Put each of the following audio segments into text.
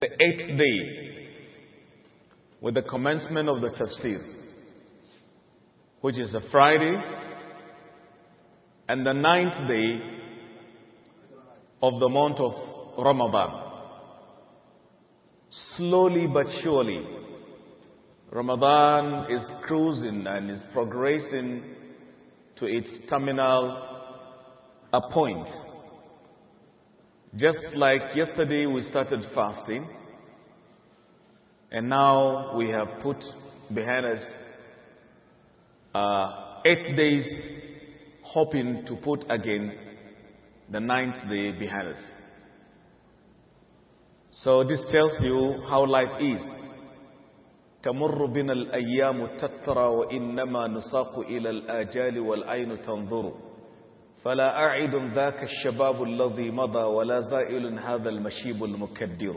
the eighth day, with the commencement of the tafsir, which is a Friday, and the ninth day of the month of Ramadan. Slowly but surely, Ramadan is cruising and is progressing to its terminal a point. Just like yesterday we started fasting, and now we have put behind us uh, eight days, hoping to put again the ninth day behind us. So this tells you how life is. تمر بنا الأيام تترى وإنما نساق إلى الآجال والعين تنظر فلا ذاك الشباب الذي مضى ولا زائل هذا المشيب المكدر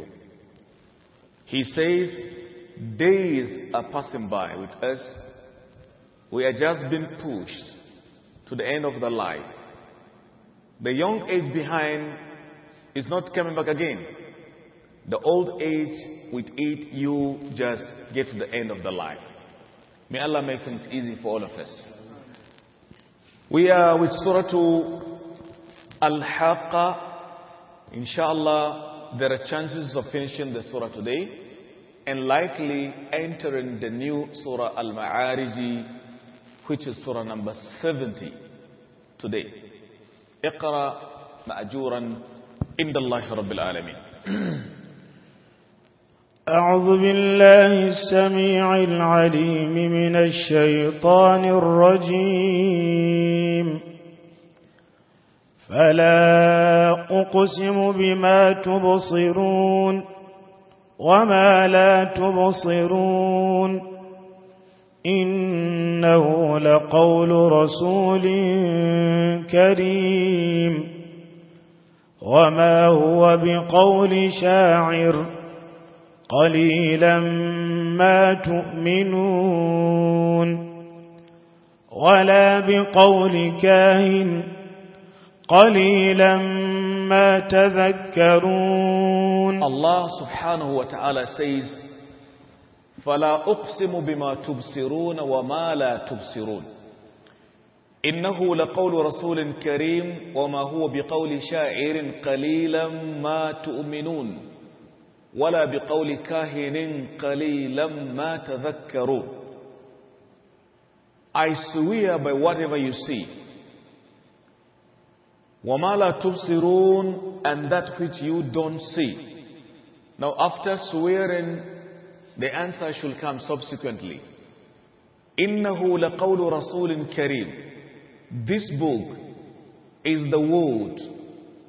He says, days are passing by with us. We are just being pushed to the end of the life. The young age behind is not coming back again. The old age, with it, you just get to the end of the life. May Allah make things easy for all of us. We are with Surah Al-Haqqa. Inshallah, there are chances of finishing the Surah today and likely entering the new Surah Al-Ma'arij, which is Surah number 70 today. اقرأ مأجورا عند الله رب العالمين. أعوذ بالله السميع العليم من الشيطان الرجيم الرجيم فلا أقسم بما تبصرون وما لا تبصرون إنه لقول رسول كريم وما هو بقول شاعر قليلا ما تؤمنون ولا بقول كاهن قليلا ما تذكرون الله سبحانه وتعالى says فلا أقسم بما تبصرون وما لا تبصرون إنه لقول رسول كريم وما هو بقول شاعر قليلا ما تؤمنون ولا بقول كاهن قليلا ما تذكرون I swear by whatever you see. wamala لَا And that which you don't see. Now after swearing, the answer should come subsequently. إِنَّهُ لَقَوْلُ رَسُولٍ Kareem. This book is the word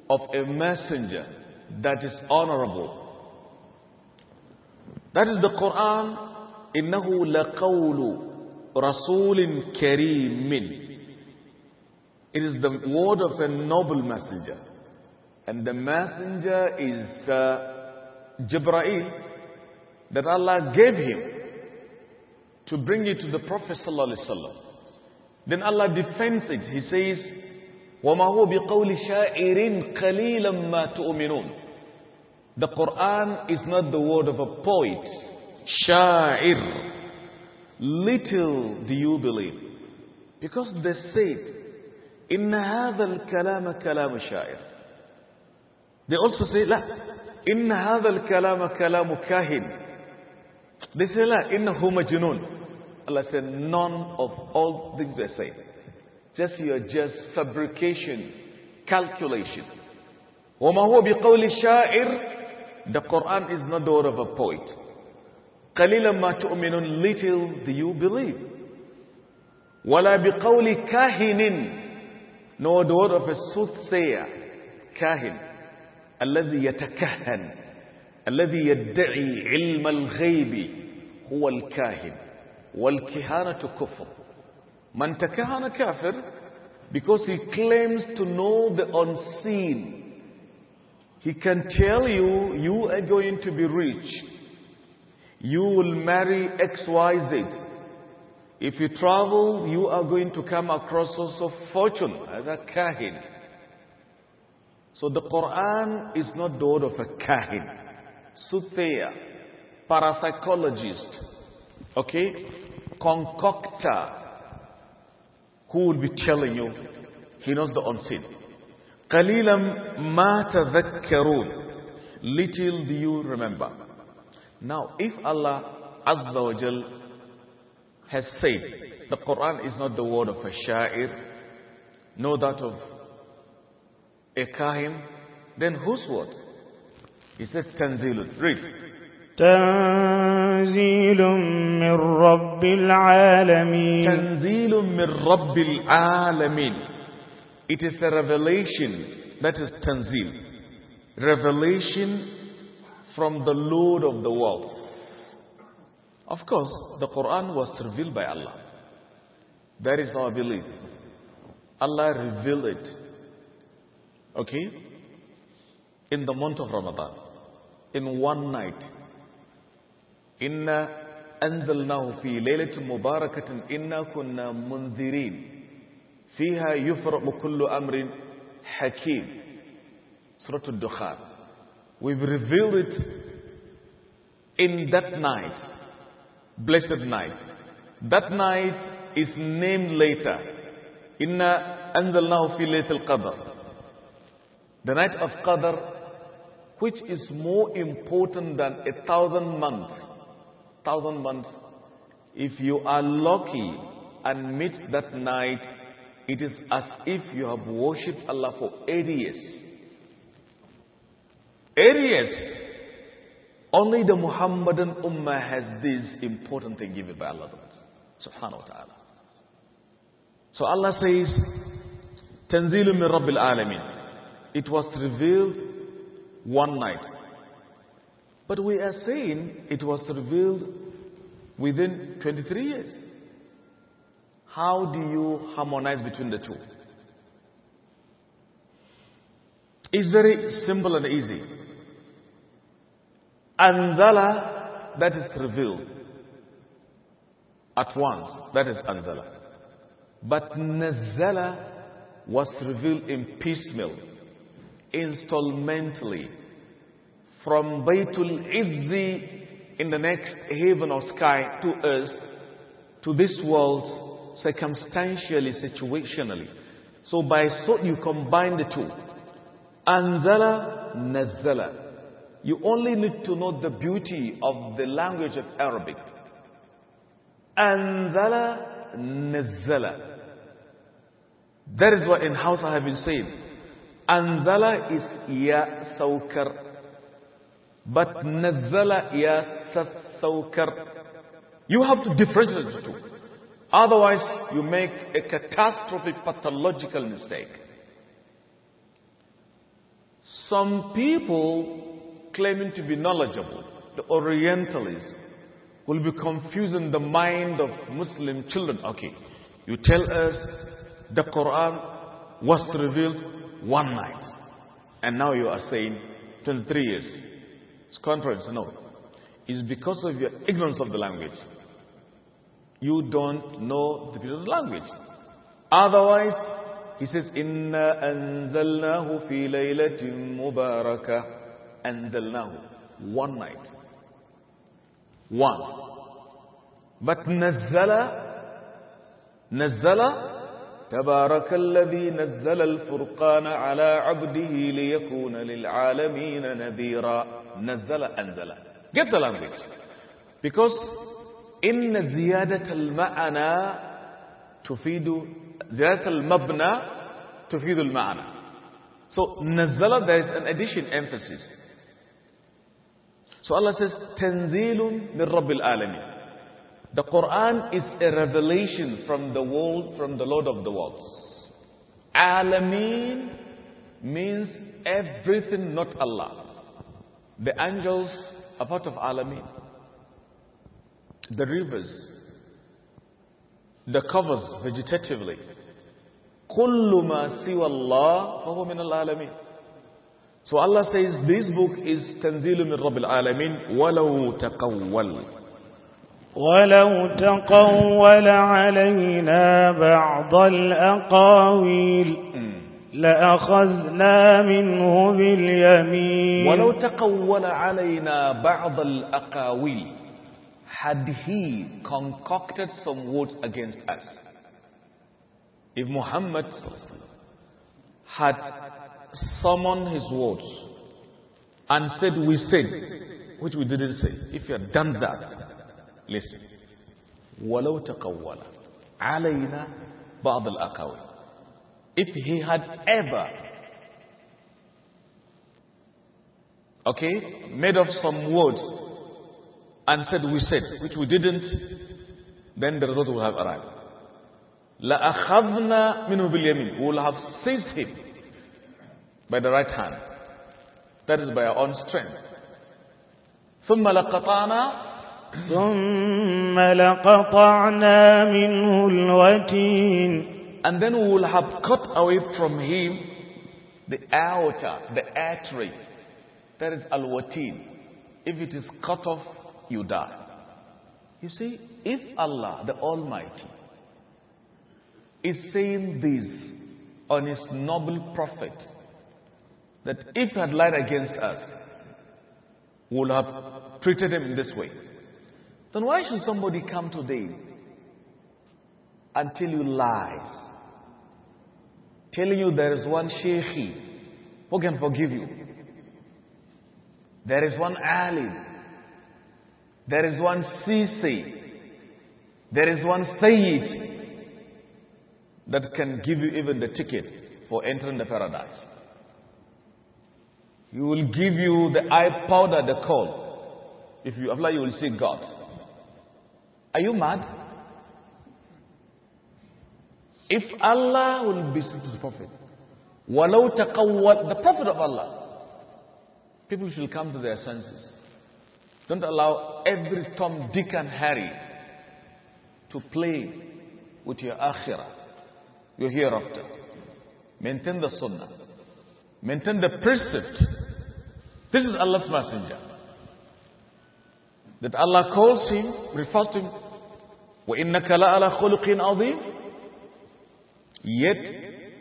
of a messenger that is honorable. That is the Quran. إِنَّهُ لَقَوْلُ Rasulin Kareemin. It is the word of a noble messenger. And the messenger is uh, Jibreel that Allah gave him to bring it to the Prophet sallallahu alaihi wasallam. Then Allah defends it. He says, وما هو بقول شاعر قليلا ما تؤمنون The Quran is not the word of a poet. Sha'ir. Little do you believe. Because they said, إن هذا الكلام كلام شاعر. They also say, لا إن هذا الكلام كلام كاهن. They say, لا إنه مجنون. Allah said, none of all things they say. Just your just fabrication, calculation. وما هو بقول شاعر. The Quran is not the word of a poet. قليلا ما تؤمنون little do you believe ولا بقول كاهن no the word of a soothsayer كاهن الذي يتكهن الذي يدعي علم الغيب هو الكاهن والكهانة كفر من تكهن كافر because he claims to know the unseen he can tell you you are going to be rich You will marry XYZ. If you travel, you are going to come across also fortune as a kahin. So the Quran is not the word of a kahin, soothsayer, parapsychologist, okay, concoctor, who will be telling you he knows the unseen. قليلا ما تذكرون little do you remember now, if Allah Azza wa Jal has said, the Quran is not the word of a sha'ir, nor that of a kahim, then whose word? He said, Tanzilun. Read. تنزيل من رب العالمين تنزيل من رب العالمين It is a revelation that is tanzil. Revelation from the Lord of the world. Of course, the Quran was revealed by Allah. That is our belief. Allah revealed it. Okay? In the month of Ramadan. In one night. Inna أنزلناه في ليلة مباركة Inna kunna munzirin, فيها kullu كل hakim. Surah al-Dukhan. We've revealed it in that night, blessed night. That night is named later. Inna anzalnahu fi al qadr. The night of Qadr, which is more important than a thousand months. Thousand months. If you are lucky and meet that night, it is as if you have worshipped Allah for 80 years areas. Only the Muhammadan Ummah has this important thing given by Allah. Subhanahu wa ta'ala. So Allah says, "Tanzilu min Rabbil Alameen. It was revealed one night. But we are saying it was revealed within 23 years. How do you harmonize between the two? It's very simple and easy. Anzala, that is revealed at once. That is Anzala. But Nazala was revealed in piecemeal, installmentally, from Baytul Izzi in the next heaven or sky to us, to this world, circumstantially, situationally. So by so you combine the two. Anzala, Nazala. You only need to know the beauty of the language of Arabic. Anzala, nizala. That is what in house I have been saying. Anzala is Ya Saukar. But Nazala Ya Saukar. You have to differentiate the two. Otherwise, you make a catastrophic pathological mistake. Some people claiming to be knowledgeable, the Orientalists, will be confusing the mind of Muslim children. Okay, you tell us the Quran was revealed one night, and now you are saying 23 years. It's conference. No, it's because of your ignorance of the language. You don't know the language. Otherwise, he says, "Inna anzalnahu fi laylatin mubarakah." أنزلناه one night once but نزل نزل تبارك الذي نزل الفرقان على عبده ليكون للعالمين نذيرا نزل أنزل get the language because إن زيادة المعنى تفيد زيادة المبنى تفيد المعنى so نزل there is an addition emphasis So Allah says, Tanzilun min Rabbil The Quran is a revelation from the world, from the Lord of the worlds. Alameen means everything not Allah. The angels are part of Alameen. The rivers, the covers vegetatively. كل ما سوى الله فهو so Allah says this book is تنزيل من رب العالمين ولو تقول ولو تقول علينا بعض الأقاويل لأخذنا منه باليمين ولو تقول علينا بعض الأقاويل had he concocted some words against us if Muhammad had summoned his words and said, We said, which we didn't say. If you had done that, listen. وَلَوْ تَقَوَّلَ عَلَيْنَا بَعْضَ الْأَقَوِيلِ If he had ever, okay, made up some words and said, We said, which we didn't, then the result will have arrived. لَأَخَذْنَا مِنْهُ بِالْيَمِينِ We will have seized him by the right hand. That is by our own strength. ثم لقطعنا ثم لقطعنا منه الوتين And then we will have cut away from him the aorta, the artery. That is al-watin. If it is cut off, you die. You see, if Allah, the Almighty, is saying this on his noble prophet, that if he had lied against us, we would have treated him in this way. Then why should somebody come today and tell you lies? Telling you there is one sheikhi who can forgive you. There is one ali, There is one sisi. There is one sayyid that can give you even the ticket for entering the paradise. He will give you the eye powder, the call. If you apply, you will see God. Are you mad? If Allah will be sent to the Prophet, walau the Prophet of Allah, people should come to their senses. Don't allow every Tom, Dick, and Harry to play with your akhirah, your hereafter. Maintain the sunnah maintain the precept. This is Allah's messenger. That Allah calls him, refers to him, وَإِنَّكَ لَعَلَى خُلُقٍ عَظِيمٍ Yet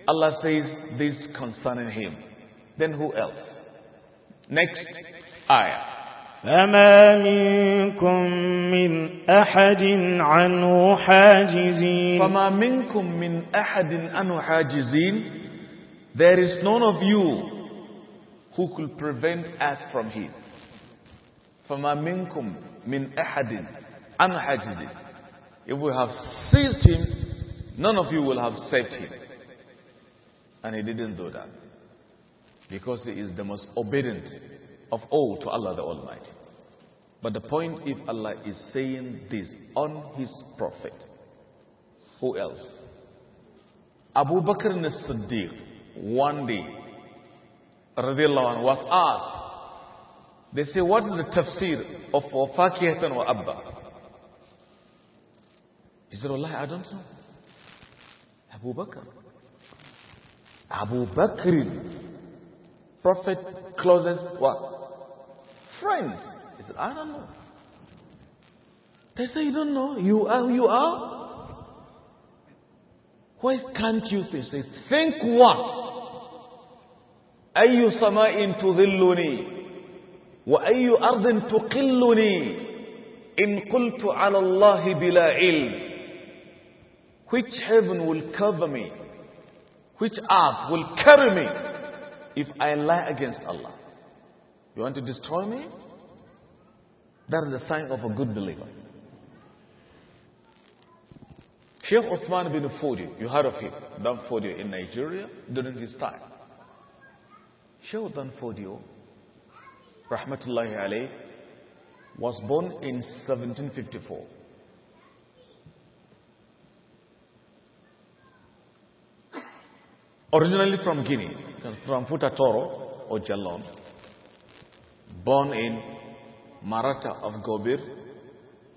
Allah says this concerning him. Then who else? Next ayah. فما منكم من أحد عنه حاجزين فما منكم من أحد عنه حاجزين there is none of you who could prevent us from him. فَمَا مِنْكُمْ min أَحَدٍ أَنْ حَجِزٍ If we have seized him, none of you will have saved him. And he didn't do that. Because he is the most obedient of all to Allah the Almighty. But the point if Allah is saying this on his prophet, who else? Abu Bakr as-Siddiq one day, radiallahu anhu, was asked, they say, what is the tafsir of Fakihatan wa abba? He said, Allah, I don't know. Abu Bakr. Abu Bakr. Prophet closest what? Friends. He said, I don't know. They say, you don't know. You are you are. Why can't you think? think what? أي سماء تظلني وأي أرض تقلني إن قلت على الله بلا علم Which heaven will cover me? Which earth will carry me if I lie against Allah? You want to destroy me? That is the sign of a good believer. Sheikh Uthman bin Fodio, you heard of him, Dan Fodio in Nigeria during his time. Sheikh Dan Fodio, Rahmatullahi alayh, was born in 1754. Originally from Guinea, from Futatoro or Jalon, born in Maratha of Gobir,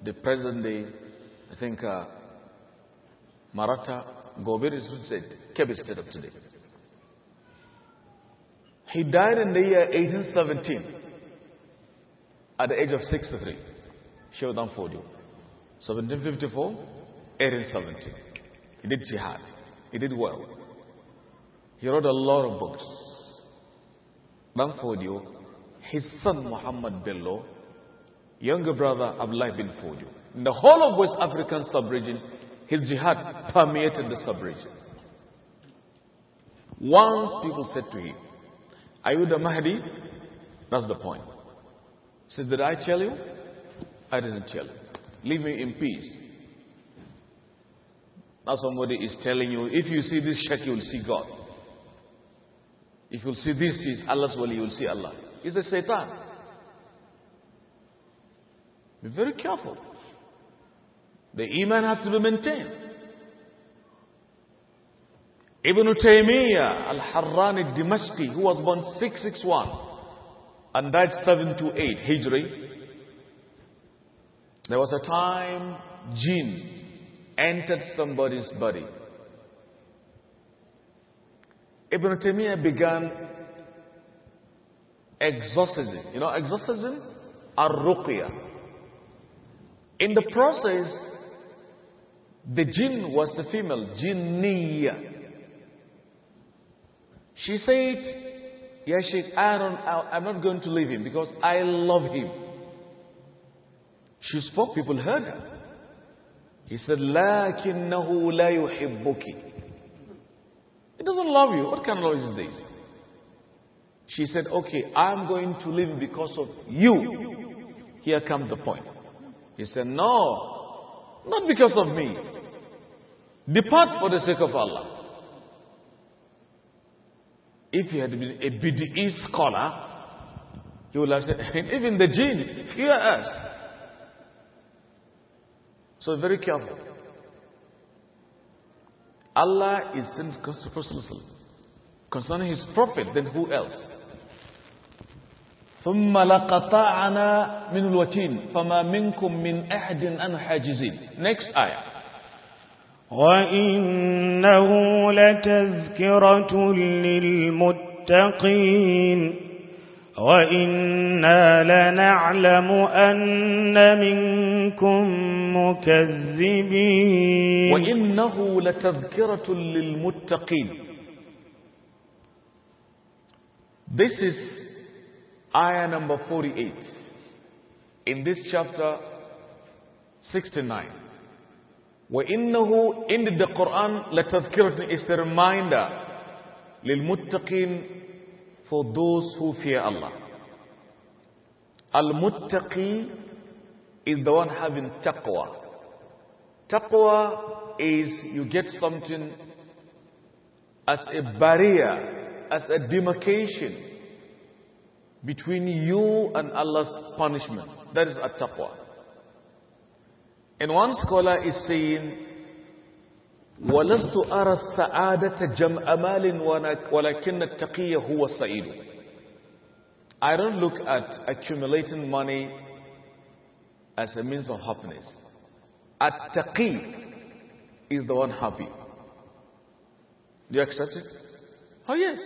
the present day, I think. Uh, Maratha Gobir is said, kept it of today. He died in the year 1817 at the age of 63. Showdown for you. 1754, 1817. He did jihad. He did well. He wrote a lot of books. Danfodio, his son Muhammad Bello, younger brother Abdullah bin Fodio. In the whole of West African sub-region, his jihad permeated the sub-region. Once people said to him, Are you the Mahdi? That's the point. He said, Did I tell you? I didn't tell you. Leave me in peace. Now somebody is telling you, if you see this shaykh, you will see God. If you see this is Allah's will, you will see Allah. He's a satan. Be very careful. The iman has to be maintained. Ibn Taymiyyah al-Harran al-Dimashqi, who was born 661 and died 728 Hijri, there was a time jinn entered somebody's body. Ibn Taymiyyah began exorcism. You know, exorcism? Ar-Ruqya. In the process, the jinn was the female, jinniya. She said, "Yes, Sheikh, I don't, I, I'm not going to leave him because I love him. She spoke, people heard her. He said, لَكِنَّهُ la يُحِبُّكِ He doesn't love you. What kind of love is this? She said, okay, I'm going to leave because of you. Here comes the point. He said, no, not because of me. Depart for the sake of Allah. If he had been a BDE scholar, he would have said, even the jinn, fear us. So very careful. Allah is sent concerning his prophet, then who else? ثم لقطعنا من الوتين فما منكم من أحد أن حاجزين. Next ayah. وإنه لتذكرة للمتقين وإنا لنعلم أن منكم مكذبين وإنه لتذكرة للمتقين This is ayah number 48 in this chapter 69 وإنه in the Quran لتذكرة is a reminder للمتقين for those who fear Allah. Al-muttaqi is the one having taqwa. Taqwa is you get something as a barrier, as a demarcation between you and Allah's punishment. That is at taqwa. And one scholar is saying, وَلَسْتُ أَرَى السَّعَادَةَ جَمْعَ مَالٍ وَلَكِنَّ التَّقِيَّ هُوَ السَّعِيدُ I don't look at accumulating money as a means of happiness. at is the one happy. Do you accept it? Oh yes.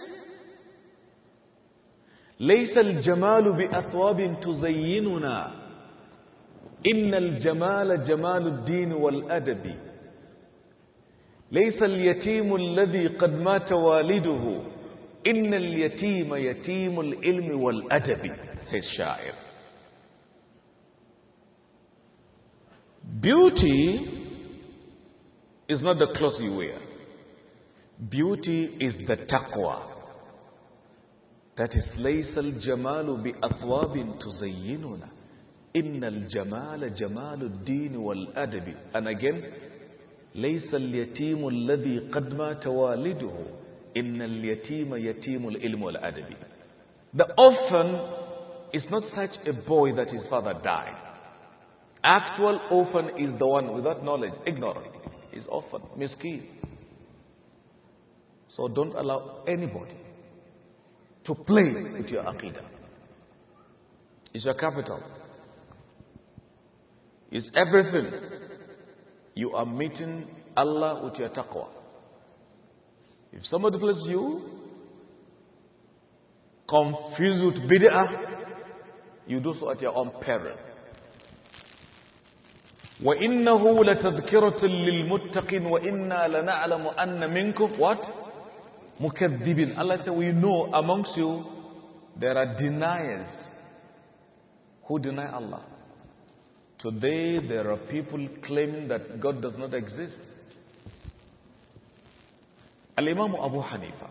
ليس الجمال بأثواب تزيننا إن الجمال جمال الدين والأدب ليس اليتيم الذي قد مات والده إن اليتيم يتيم العلم والأدب في الشاعر Beauty is not the clothes you wear. Beauty is the taqwa. That is ليس الجمال بأثواب تزيننا إن الجمال جمال الدين والأدب and again ليس اليتيم الذي قد مات والده إن اليتيم يتيم العلم والأدب The orphan is not such a boy that his father died. Actual orphan is the one without knowledge, ignorant. Is orphan, miskin. So don't allow anybody to play with your aqidah. It's your capital is everything. You are meeting Allah with your taqwa. If somebody bless you, confused with bid'ah, you do so at your own peril. وإنه لتذكرة للمتقين وإنا لنعلم أن منكم what مكذبين Allah said we know amongst you there are deniers who deny Allah Today, there are people claiming that God does not exist. Al Imam Abu Hanifa,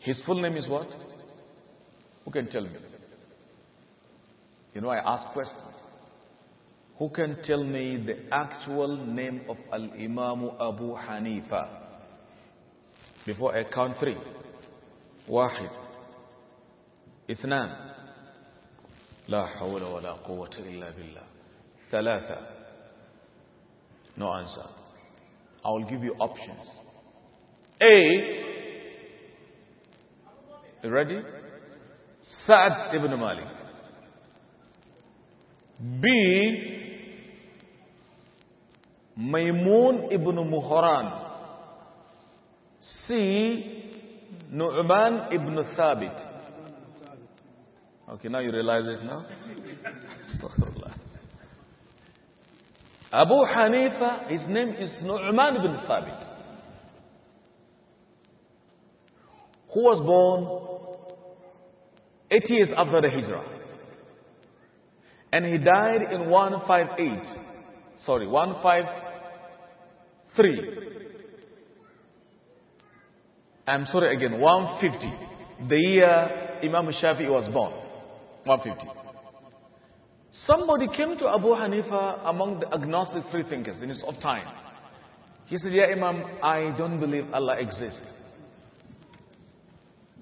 his full name is what? Who can tell me? You know, I ask questions. Who can tell me the actual name of Al Imam Abu Hanifa? Before I count three. Wahid. Ithnan. لا حول ولا قوة إلا بالله ثلاثة no answer I will give you options A you ready Sa'ad ibn Malik B Maimun ibn Muharan C Nu'man ibn Thabit Okay, now you realize it now? Abu Hanifa, his name is Nu'man bin Thabit. Who was born 80 years after the Hijrah. And he died in 158. Sorry, 153. I'm sorry again, 150. The year Imam Shafi was born. 150. Somebody came to Abu Hanifa among the agnostic free thinkers in his off time. He said, Yeah, Imam, I don't believe Allah exists.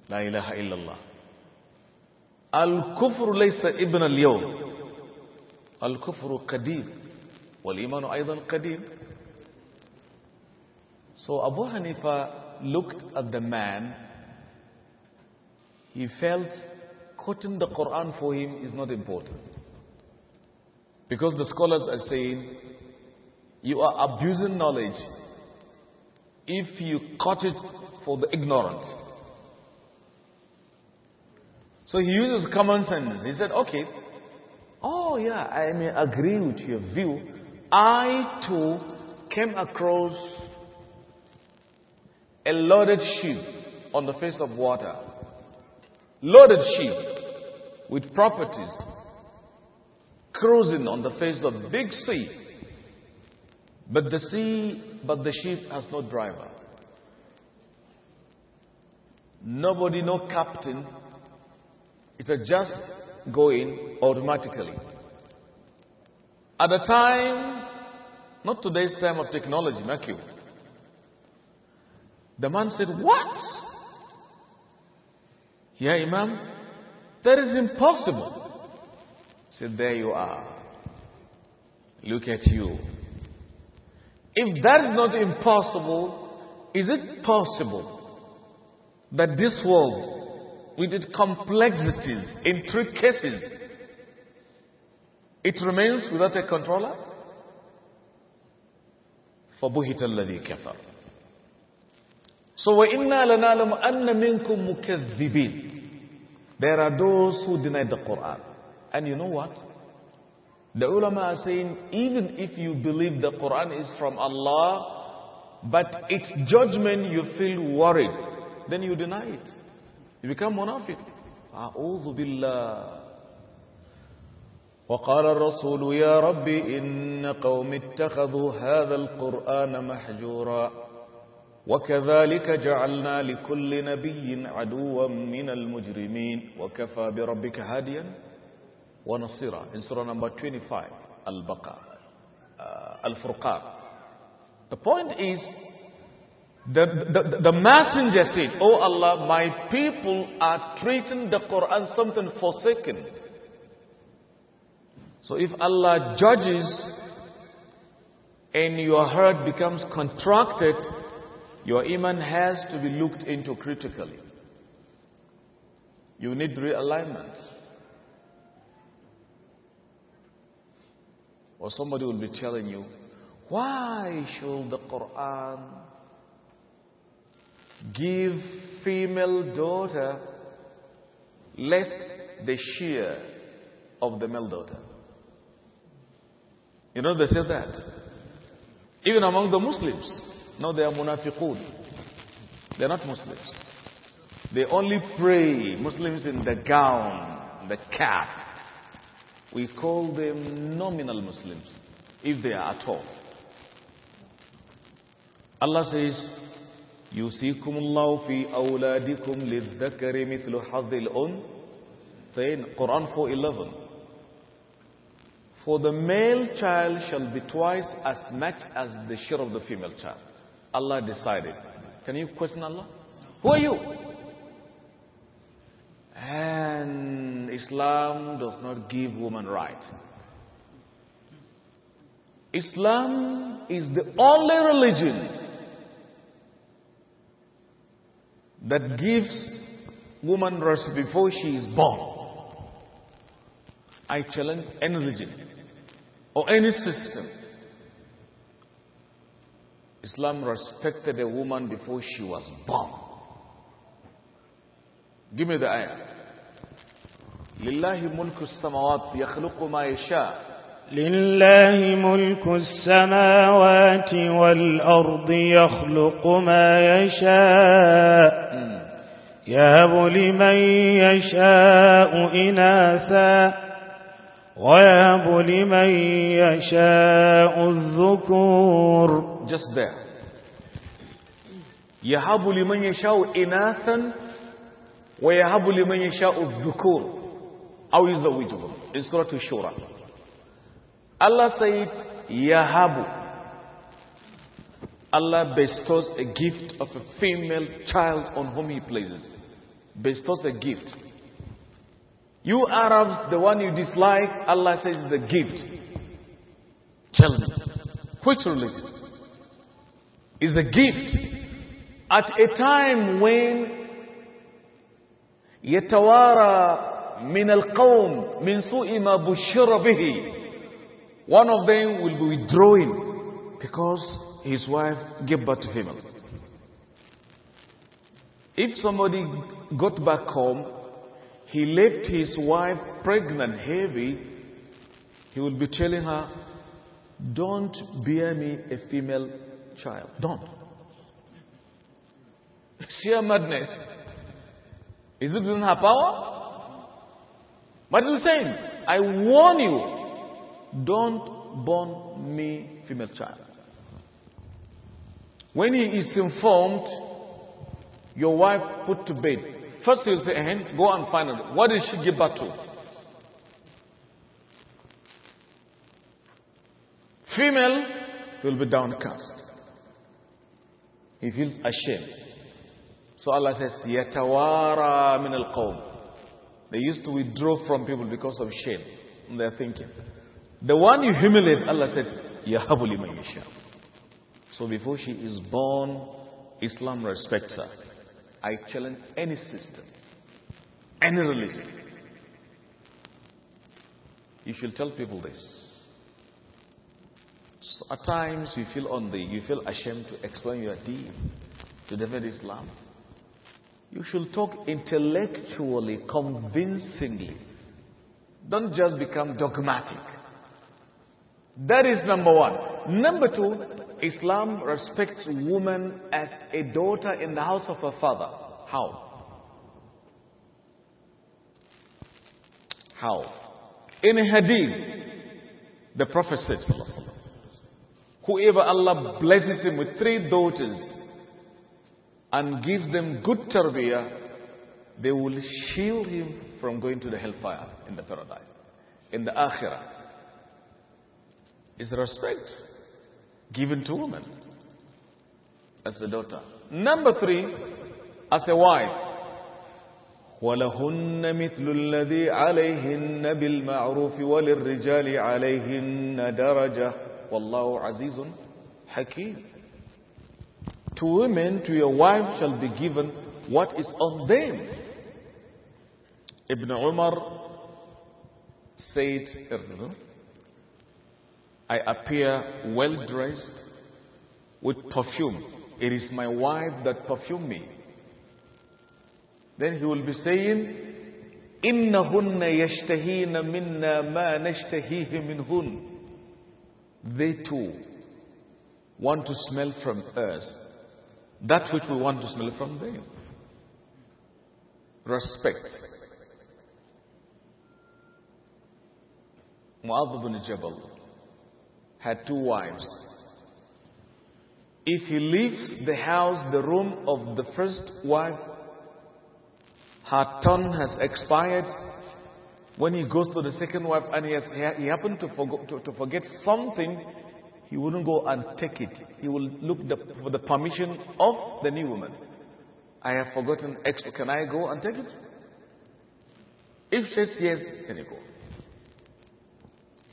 La ilaha illallah. Al kufru laysa ibn al yawm. Al kufru qadim. Wal imanu aydan qadim. So Abu Hanifa looked at the man. He felt quoting the Quran for him is not important. Because the scholars are saying, you are abusing knowledge if you cut it for the ignorant. So he uses common sense. He said, okay, oh yeah, I may agree with your view. I too came across a loaded ship on the face of water. Loaded ship with properties, cruising on the face of big sea. But the sea, but the ship has no driver. Nobody, no captain. It is just going automatically. At the time, not today's time of technology, mark you. The man said, What? Yeah, Imam, that is impossible. He said, There you are. Look at you. If that is not impossible, is it possible that this world, with its complexities, intricacies, it remains without a controller? فبهت الذي كفر. So وإنا لنعلم أن منكم مكذبين. There are those who deny the Quran. And you know what? The ulama are saying, even if you believe the Quran is from Allah, but its judgment you feel worried, then you deny it. You become munafiq. أعوذ billah. وقال الرسول يا رب إن قوم اتخذوا هذا القرآن محجورا وكذلك جعلنا لكل نبي عدوا من المجرمين وكفى بربك هاديا ونصيرا in surah number 25 al-baqarah uh, al-furqan the point is the, the, the messenger said oh allah my people are treating the quran something forsaken so if allah judges and your heart becomes contracted your iman has to be looked into critically. You need realignment. Or somebody will be telling you, why should the Quran give female daughter less the share of the male daughter? You know, they say that. Even among the Muslims. No, they are munafiqun. They are not Muslims. They only pray, Muslims in the gown, the cap. We call them nominal Muslims, if they are at all. Allah says, يوصيكم الله في أولادكم للذكر مثل حظ الأنثيين Quran 4:11 For the male child shall be twice as much as the share of the female child Allah decided. Can you question Allah? Who are you? And Islam does not give woman rights. Islam is the only religion that gives woman rights before she is born. I challenge any religion or any system Islam respected a woman before she was born. Give me the ayah. لله ملك السماوات يخلق ما يشاء لله ملك السماوات والأرض يخلق ما يشاء يهب لمن يشاء إناثا ويهب لمن يشاء الذكور just there. يَهَابُ لِمَنْ يَشَاءُ إِنَاثًا وَيَهَابُ لِمَنْ يَشَاءُ الذُّكُورُ أو يزوجهم in Surah Shura. Allah said, يَهَابُ Allah bestows a gift of a female child on whom He pleases. Bestows a gift. You Arabs, the one you dislike, Allah says is a gift. Tell me, which religion? is a gift at a time when يتوارى من القوم من سوء ما بشر به one of them will be withdrawing because his wife gave birth to him. If somebody got back home, he left his wife pregnant, heavy, he will be telling her, Don't bear me a female child. Don't. Sheer madness. Is it within her power? But it's the same. I warn you, don't burn me female child. When he is informed, your wife put to bed. First he'll say, hey, go and find her." What did she give birth to? Female will be downcast. He feels ashamed. So Allah says, Yatawara min al qawm. They used to withdraw from people because of shame They are thinking. The one you humiliate, Allah said, Yahabuli Mayisha. So before she is born, Islam respects her. I challenge any system, any religion. You should tell people this. So at times you feel on the, you feel ashamed to explain your deed to the very Islam. You should talk intellectually, convincingly. Don't just become dogmatic. That is number one. Number two, Islam respects woman as a daughter in the house of her father. How? How? In a hadith, the Prophet said, Whoever Allah blesses him with three daughters and gives them good tarbiyah, they will shield him from going to the hellfire in the paradise, in the akhirah. Is respect given to women as a daughter. Number three, as a wife. ولهن مثل الذي عليهن بالمعروف وللرجال عليهن درجه Wallahu azizun hakim. To women, to your wife shall be given what is on them. Ibn Umar said, I appear well dressed with perfume. It is my wife that perfume me. Then he will be saying, إنهن يشتهين منا ما نشتهيه منهن they too want to smell from us that which we want to smell from them. Respect. Mu'adh bin Jabal had two wives. If he leaves the house, the room of the first wife, her turn has expired, when he goes to the second wife and he, has, he happened to, forgo, to, to forget something, he wouldn't go and take it. He will look the, for the permission of the new woman. I have forgotten X. Can I go and take it? If she says yes, then you go.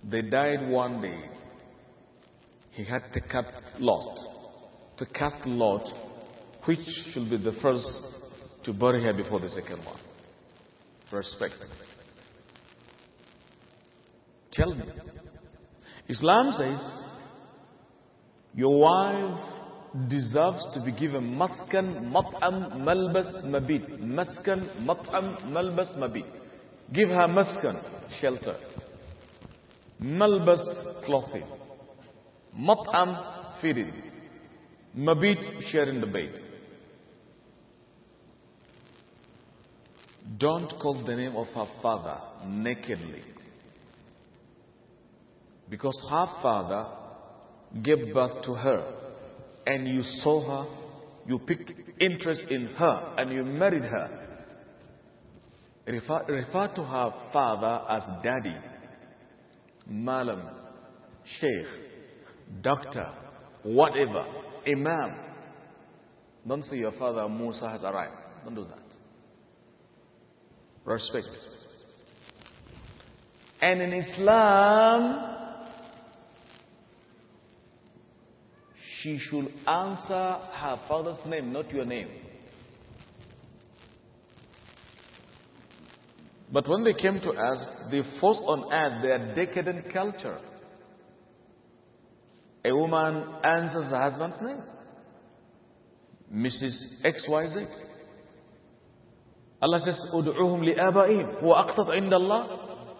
They died one day. He had to cut lot, to cast lot, which should be the first to bury her before the second one. Respect. Tell me. Islam says your wife deserves to be given maskan, mat'am, malbas, mabit. Maskan, mat'am, malbas, mabit. Give her maskan, shelter. Malbas, clothing. Mat'am, feeding. Mabit, sharing the bed. Don't call the name of her father nakedly because her father gave birth to her and you saw her, you picked interest in her and you married her. Refer, refer to her father as daddy, malam, sheikh, doctor, whatever, imam. Don't say your father Musa has arrived. Don't do that. Respect. And in Islam, she should answer her father's name, not your name. But when they came to us, they forced on us their decadent culture. A woman answers her husband's name, Mrs. XYZ. Allah says, "Udu'uhum li'abaim huwa aqsat 'inda Allah."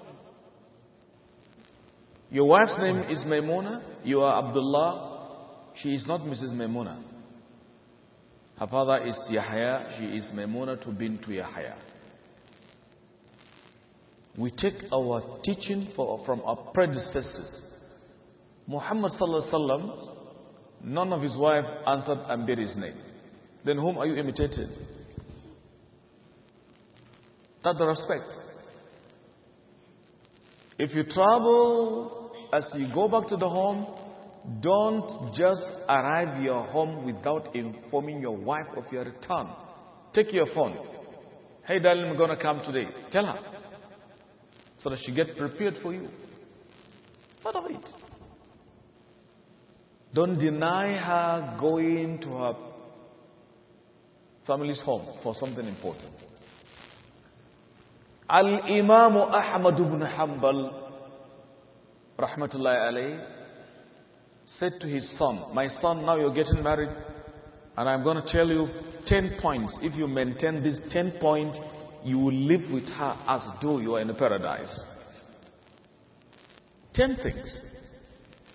Your wife's name is Maimuna, you are Abdullah, she is not Mrs. Maimuna. Her father is Yahya. She is Maimuna to to Yahya. We take our teaching for, from our predecessors. Muhammad sallallahu alaihi wasallam, none of his wife answered and buried his name. Then whom are you imitating? That the respect. If you travel as you go back to the home, don't just arrive your home without informing your wife of your return. Take your phone. Hey, darling, I'm going to come today. Tell her. So that she gets prepared for you. What of it? Don't deny her going to her family's home for something important. Al Imam Ahmad ibn Hanbal, rahmatullahi alayh, said to his son, My son, now you're getting married, and I'm going to tell you 10 points. If you maintain these 10 points, you will live with her as though you are in a paradise. 10 things.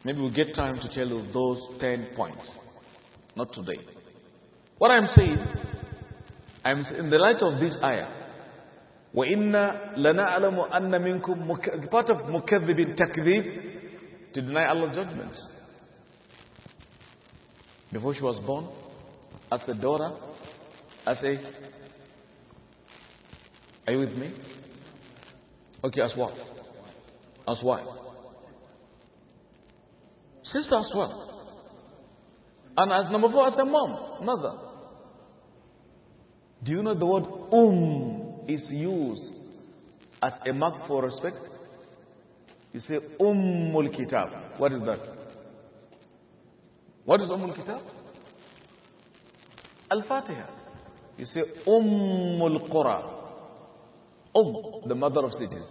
Maybe we'll get time to tell you those 10 points. Not today. What I'm saying, I'm in the light of this ayah. part of مُكَذِّبٍ تَكْذِيب to deny Allah's judgment before she was born, as the daughter, I say, Are you with me? Okay, as what? As what? Sister as well. And as number four, as a mom, mother. Do you know the word um is used as a mark for respect? You say ummul kitab. What is that? What is Ummul Kitab? Al-Fatiha. You say Ummul Qura. Um, the mother of cities,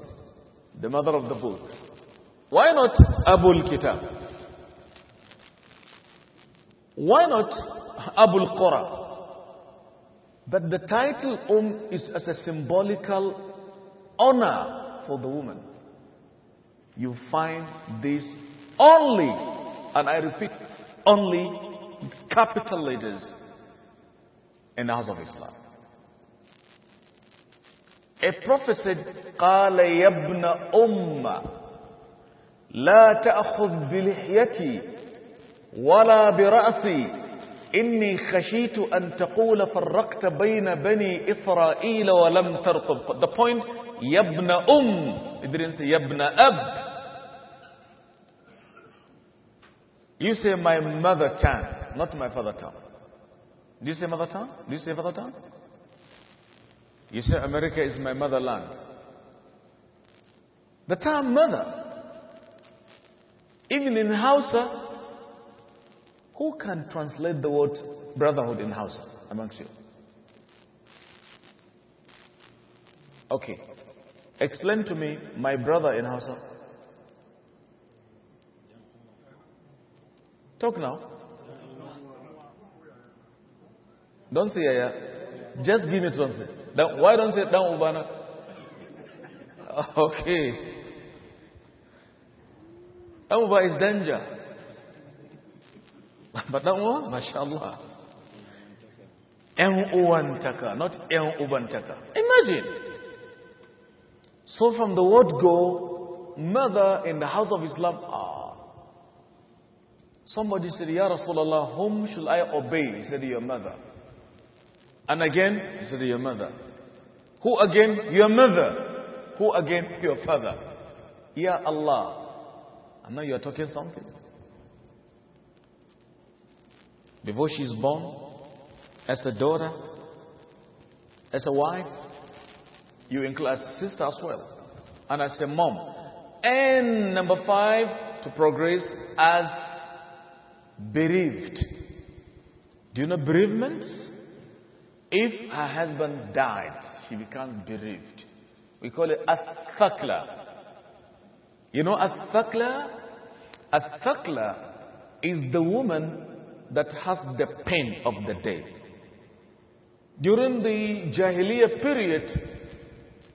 the mother of the book. Why not Abul Kitab? Why not Abul Qura? But the title Um is as a symbolical honor for the woman. You find this only, and I repeat, only capital leaders in the house of Islam. A prophet said, قال يا ابن أمة لا تأخذ بلحيتي ولا برأسي إني خشيت أن تقول فرقت بين بني إسرائيل ولم ترقب. The point, يا ابن أم, it didn't say يا ابن أب. You say my mother tongue, not my father tongue. Do you say mother tongue? Do you say father tongue? You say America is my motherland. The term mother, even in Hausa, who can translate the word brotherhood in Hausa amongst you? Okay. Explain to me my brother in Hausa. Talk now. Don't say yeah, yeah. Just give me do Don't, why don't say down Ubana? Okay. ubana is danger. But that one, mashallah. taka, not taka. Imagine. So from the word go, mother in the house of Islam, are. Ah, Somebody said, Ya Rasulullah, whom should I obey? He said, Your mother. And again, he said, Your mother. Who again? Your mother. Who again? Your father. Ya Allah. And now you are talking something. Before she is born, as a daughter, as a wife, you include as a sister as well, and as a mom. And number five, to progress as bereaved. Do you know bereavement? If her husband died, she becomes bereaved. We call it a thakla. You know a a thakla, is the woman that has the pain of the day. During the Jahiliyyah period,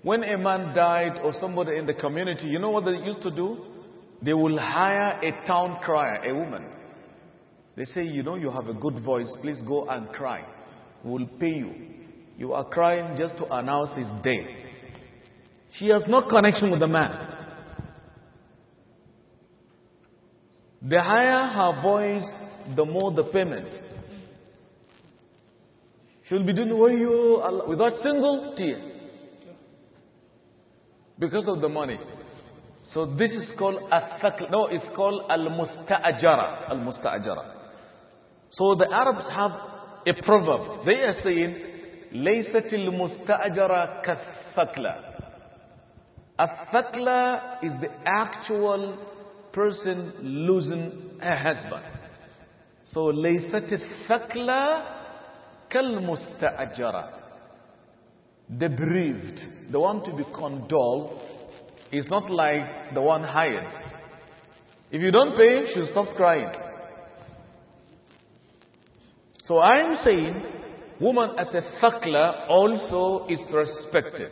when a man died or somebody in the community, you know what they used to do? They will hire a town crier, a woman they say, you know, you have a good voice. Please go and cry. We'll pay you. You are crying just to announce his death. She has no connection with the man. The higher her voice, the more the payment. She'll be doing wayo oh, you without single tear. Because of the money. So this is called thakl. No, it's called al-musta'ajara. Al-musta'ajara. So the Arabs have a proverb. They are saying, al-mustajara kathakla." A thakla is the actual person losing a husband. So لَيْسَتِ kal كَالْمُسْتَأْجَرَ The bereaved, the one to be condoled, is not like the one hired. If you don't pay, she'll stop crying. So I'm saying woman as a thakla also is respected.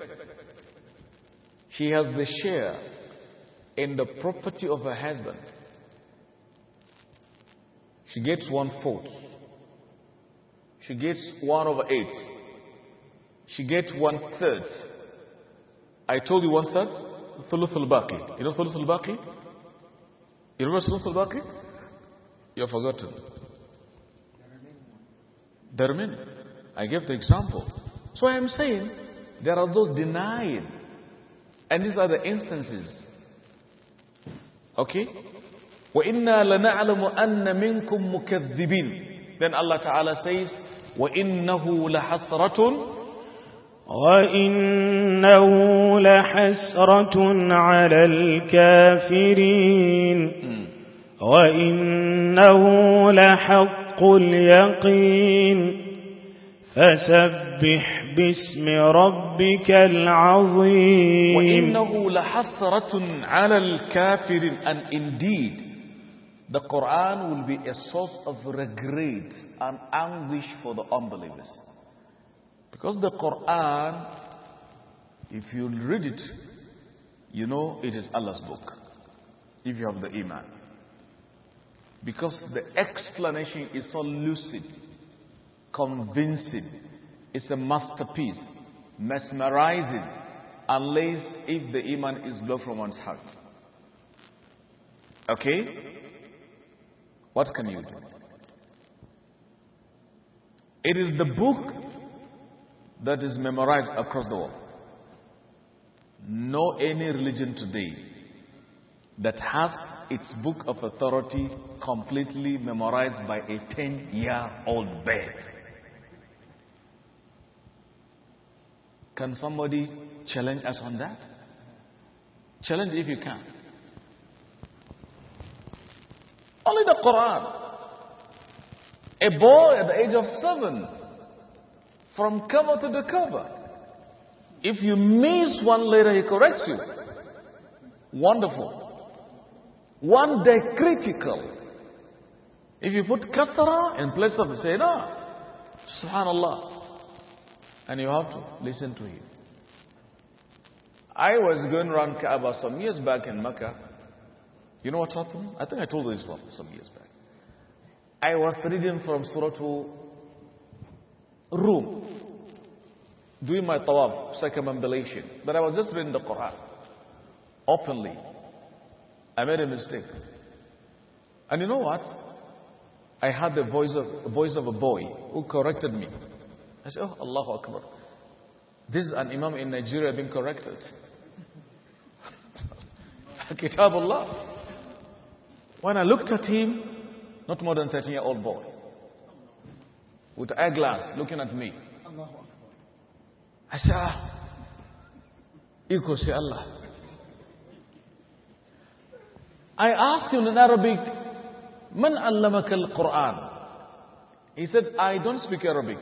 She has the share in the property of her husband. She gets one fourth. She gets one over eight. She gets one third. I told you one third? Thuluth al Baqi. You know Thuluth al Baqi? You remember Thuluth al Baqi? You've forgotten. There many. I gave the example. So I am saying there are those denied. And these are the instances. Okay? وَإِنَّا لَنَعْلَمُ أَنَّ مِنْكُمْ مُكَذِّبِينَ Then Allah Ta'ala says, وَإِنَّهُ لَحَسْرَةٌ وإنه لحسرة على الكافرين hmm. وإنه لحق حق فسبح باسم ربك العظيم وإنه لحسرة على الكافرين and indeed the Quran will be a source of regret and anguish for the unbelievers because the Quran if you read it you know it is Allah's book if you have the iman because the explanation is so lucid, convincing. It's a masterpiece, mesmerizing, unless if the iman is blown from one's heart. Okay? What can you do? It is the book that is memorized across the world. No any religion today that has its book of authority completely memorized by a 10 year old babe. Can somebody challenge us on that? Challenge if you can. Only the Quran. A boy at the age of seven, from cover to the cover. If you miss one letter, he corrects you. Wonderful. One day critical. If you put kasra in place of sayyidah, subhanallah. And you have to listen to him. I was going around Kaaba some years back in Mecca. You know what happened? I think I told this one some years back. I was reading from Surah to Room, doing my tawaf, circumambulation. But I was just reading the Quran openly. I made a mistake. And you know what? I heard the voice of, the voice of a boy who corrected me. I said, Oh, Allahu Akbar. This is an Imam in Nigeria being corrected. Kitabullah. When I looked at him, not more than 13 year old boy, with eyeglass looking at me. I said, Ah, see Allah. I asked him in Arabic, Man allamaka al-Quran? He said, I don't speak Arabic.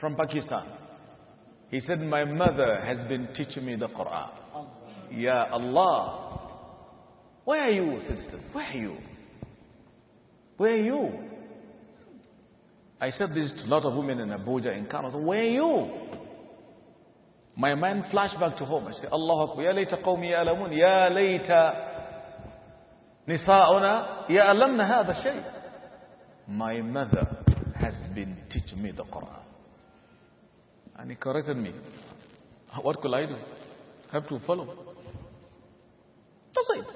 from Pakistan. He said, my mother has been teaching me the Quran. Ya Allah. Where are you, sisters? Where are you? Where are you? I said this to a lot of women in Abuja, in Kano. Where are you? My mind flashed back to home. I said, Allah Akbar, Ya layta qawmi ya alamun, Ya layta nisa'una, Ya alamna hadha shay. My mother has been teaching me the Quran. And he corrected me. What could I do? I have to follow. That's it.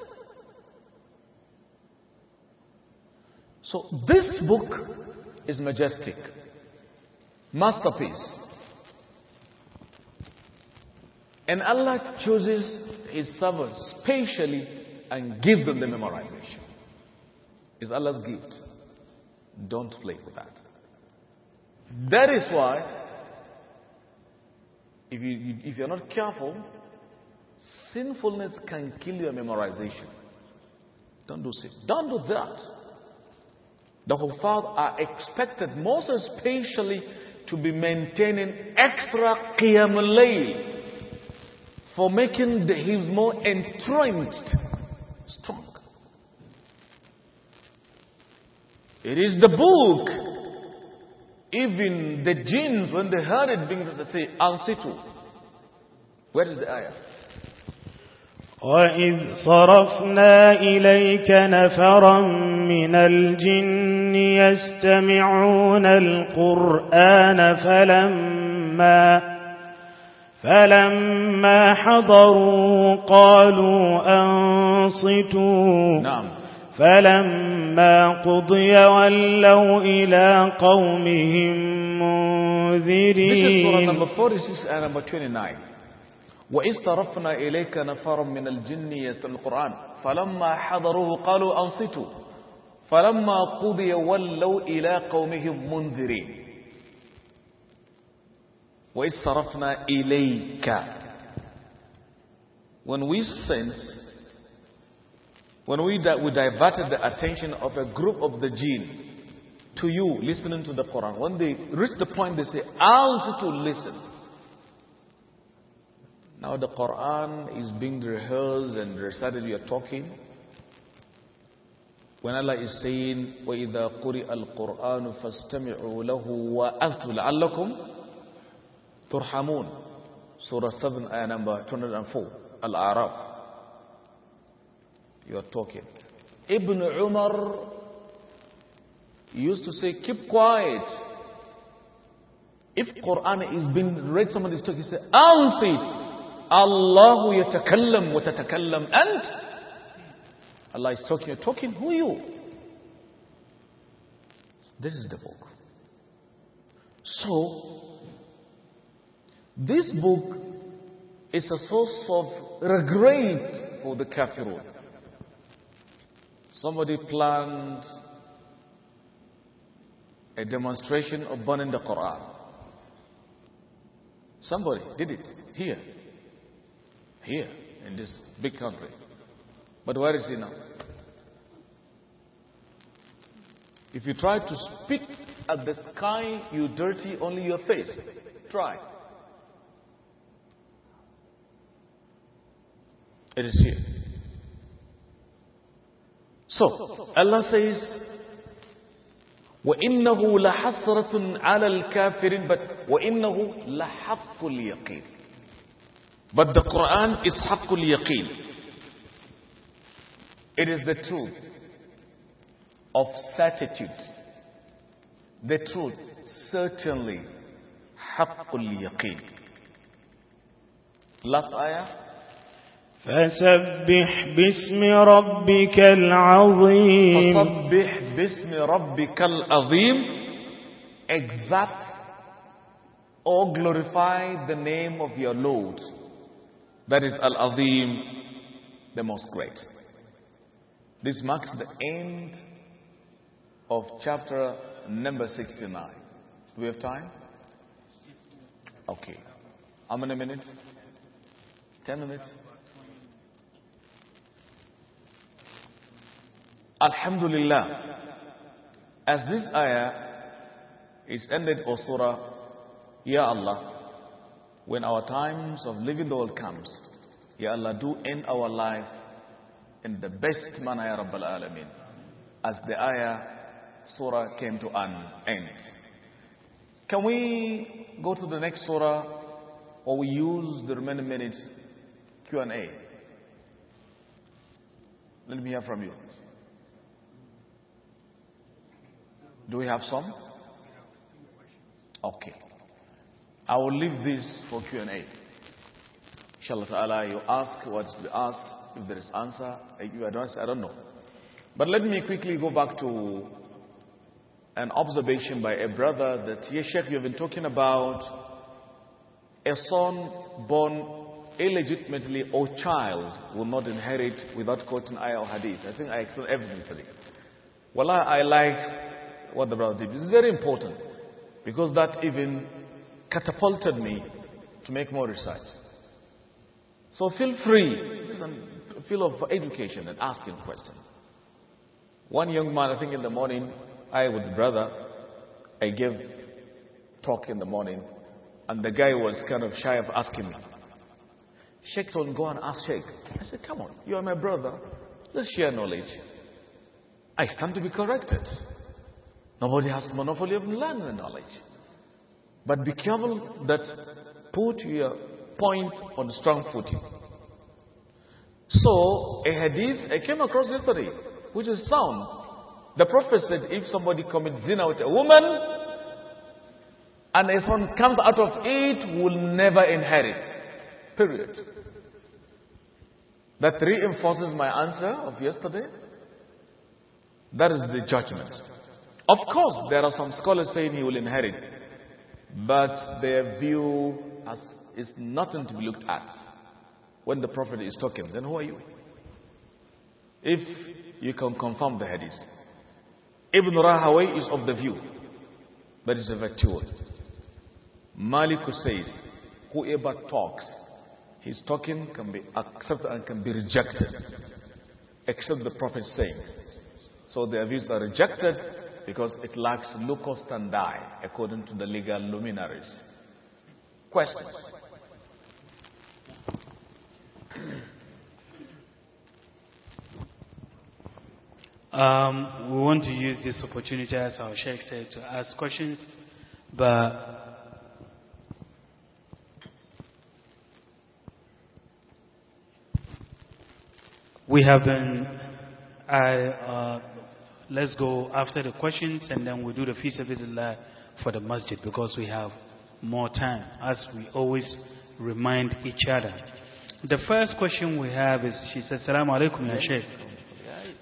So this book is majestic. Masterpiece. And Allah chooses His servants specially and gives them the memorization. It's Allah's gift. Don't play with that. That is why, if, you, if you're not careful, sinfulness can kill your memorization. Don't do sin. Don't do that. The Hufad are expected most especially to be maintaining extra Qiyam al for making the hips more entrenched, strong. It is the book. Even the jinns, when they heard it being said, Ansitu. Where is the ayah? وإذ صرفنا إليك نفرا من الجن يستمعون القرآن فلما فلما حضروا قالوا أنصتوا نعم فلما قضي ولوا إلى قومهم منذرين This is Surah number 46 and number 29. وإذ صرفنا إليك نفر من الجن يستمع القرآن فلما حضروه قالوا أنصتوا فلما قضي ولوا إلى قومهم منذرين وإذ صرفنا إليك when we sense when we, di we diverted the attention of a group of the jinn to you listening to the Quran when they reach the point they say I'll to listen Now the Quran is being rehearsed and recited, We are talking. When Allah is saying, وَإِذَا قُرِئَ الْقُرْآنُ فَاسْتَمِعُوا لَهُ وَأَنْتُوا لَعَلَّكُمْ تُرْحَمُونَ Surah 7, ayah number 204, Al-A'raf. You are talking. Ibn Umar used to say, keep quiet. If Quran is being read, someone is talking, He said, answer Allah wa وتتكلم And Allah is talking, you're talking, who you? This is the book. So, this book is a source of regret for the kafirun. Somebody planned a demonstration of burning the Quran. Somebody did it here. Here, in this big country. But where is he now? If you try to spit at the sky, you dirty only your face. Try. It is here. So, Allah says, وإنه لحسرة على الكافرين but وإنه لحق اليقين but the Quran is Haqqul Yaqeen. It is the truth of certitude. The truth, certainly, Haqqul Yaqeen. Last ayah. فسبح باسم ربك العظيم فسبح باسم ربك العظيم or glorify the name of your Lord that is Al Azim, the most great. This marks the end of chapter number 69. Do we have time? Okay. How many minutes? 10 minutes? Alhamdulillah. As this ayah is ended, O Surah, Ya Allah, when our times of leaving the world comes, Ya Allah, do end our life in the best manner, Ya Rabbal Alameen, as the ayah, surah came to an end. Can we go to the next surah or we use the remaining minutes Q&A? Let me hear from you. Do we have some? Okay. I will leave this for Q&A. Inshallah ta'ala, you ask what to be asked. If there is answer, you advance, I don't know. But let me quickly go back to an observation by a brother that, yes, Sheikh, you've been talking about a son born illegitimately or child will not inherit without quoting ayah or hadith. I think I explained everything today. Well, I, I like what the brother did. It's very important because that even catapulted me to make more research. So feel free, feel of education and asking questions. One young man, I think in the morning, I with the brother, I gave talk in the morning, and the guy was kind of shy of asking me. Sheikh told don't go and ask Sheikh. I said, come on, you are my brother. Let's share knowledge. I stand to be corrected. Nobody has monopoly of learning knowledge. But be careful that put your point on strong footing. So, a hadith I came across yesterday, which is sound. The Prophet said, if somebody commits zina with a woman, and a son comes out of it, will never inherit. Period. That reinforces my answer of yesterday. That is the judgment. Of course, there are some scholars saying he will inherit. But their view has, is nothing to be looked at when the Prophet is talking. Then who are you? If you can confirm the hadith. Ibn Rahaway is of the view, but it's a virtual. Malik says, whoever talks, his talking can be accepted and can be rejected, except the Prophet saying. So their views are rejected because it lacks leucostandi according to the legal luminaries. Questions? Um, we want to use this opportunity, as our Sheikh said, to ask questions, but we have been, I, uh, Let's go after the questions and then we'll do the feast of Allah for the masjid because we have more time as we always remind each other. The first question we have is she says, Salaam alaikum, Ya Sheikh.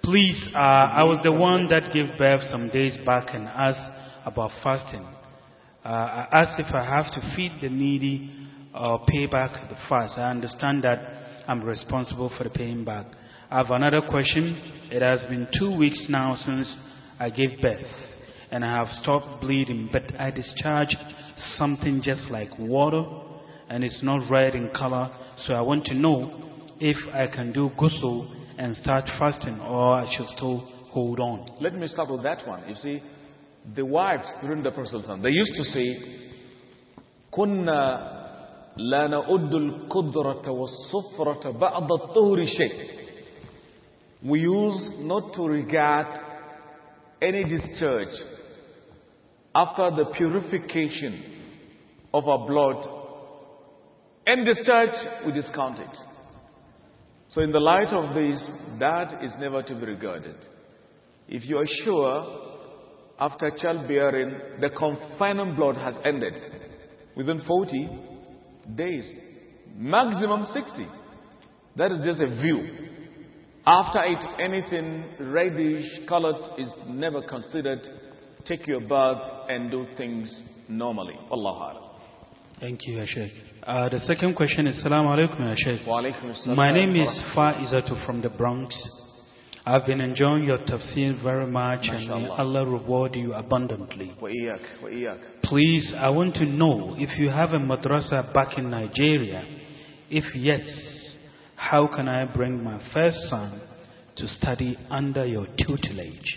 Please, uh, I was the one that gave birth some days back and asked about fasting. Uh, I asked if I have to feed the needy or pay back the fast. I understand that I'm responsible for the paying back. I have another question. It has been two weeks now since I gave birth, and I have stopped bleeding, but I discharge something just like water, and it's not red in color. So I want to know if I can do ghusl and start fasting, or I should still hold on. Let me start with that one. You see, the wives during the Prophet they used to say, "Kunna la na'uddu al-qudrata was-sufrata ba'da we use not to regard any discharge after the purification of our blood. And discharge, we discount it. So, in the light of this, that is never to be regarded. If you are sure after childbearing the confining blood has ended within 40 days, maximum 60, that is just a view after it, anything reddish colored is never considered. Take your bath and do things normally. Allah Thank you, Sheikh. Uh, the second question is Assalamu alaikum, Sheikh. My name is Faizatu from the Bronx. I've been enjoying your tafsir very much Mashallah. and may Allah reward you abundantly. Wa iyak, wa iyak. Please, I want to know if you have a madrasa back in Nigeria. If yes, how can I bring my first son to study under your tutelage?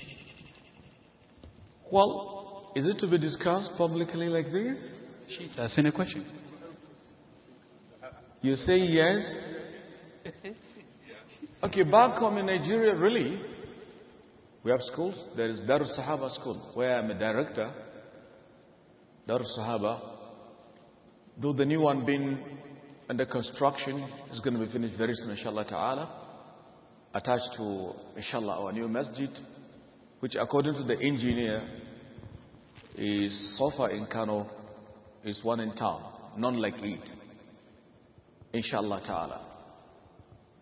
Well, is it to be discussed publicly like this? She's asking a question. You say yes? Okay, back home in Nigeria, really, we have schools. There is Darul Sahaba School, where I'm a director. Darul Sahaba, though the new one being under construction. It's going to be finished very soon, inshallah ta'ala. Attached to, inshallah, our new masjid, which according to the engineer is so far in Kano, is one in town, none like it. Inshallah ta'ala.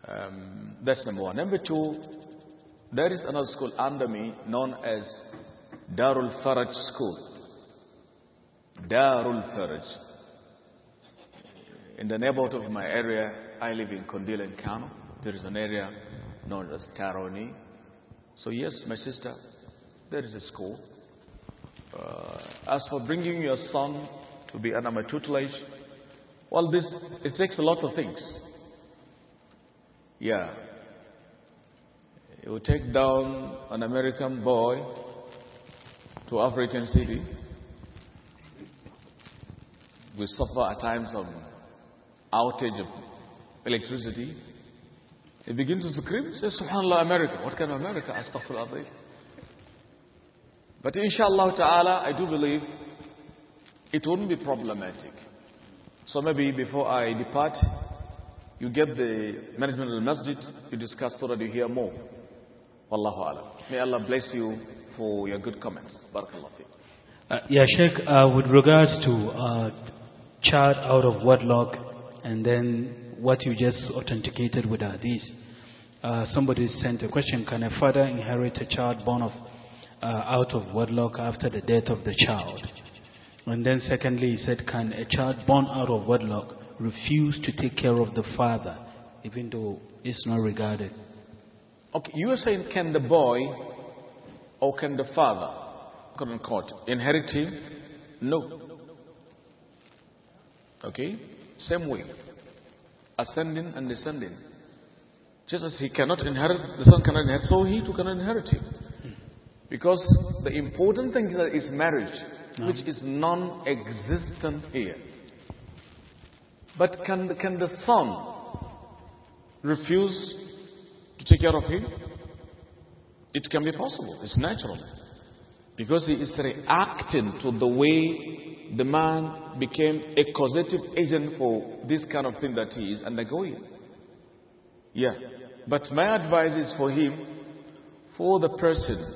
Um, that's number one. Number two, there is another school under me known as Darul Faraj School. Darul Faraj. In the neighborhood of my area, I live in Kondil and Kano. There is an area known as Taroni. So, yes, my sister, there is a school. Uh, as for bringing your son to be under my tutelage, well, this it takes a lot of things. Yeah, you take down an American boy to African city. We suffer at times of outage of electricity, It begins to scream, Say, SubhanAllah, America. What kind of America? Astaghfirullah. But inshallah ta'ala, I do believe it wouldn't be problematic. So maybe before I depart, you get the management of the masjid, you discuss so that you hear more. Wallahu alam. May Allah bless you for your good comments. Barakallah. Uh, yeah, Sheikh, uh, with regards to uh, child out of wedlock, and then what you just authenticated with these. Uh, somebody sent a question, can a father inherit a child born of, uh, out of wedlock after the death of the child? And then secondly, he said, can a child born out of wedlock refuse to take care of the father, even though it's not regarded? Okay, you are saying, can the boy or can the father, quote unquote, inherit him? No. Okay? Same way, ascending and descending. Just as he cannot inherit, the son cannot inherit, so he too cannot inherit it. Because the important thing is marriage, no. which is non existent here. But can, can the son refuse to take care of him? It can be possible, it's natural. Because he is reacting to the way the man became a causative agent for this kind of thing that he is undergoing. Yeah. But my advice is for him, for the person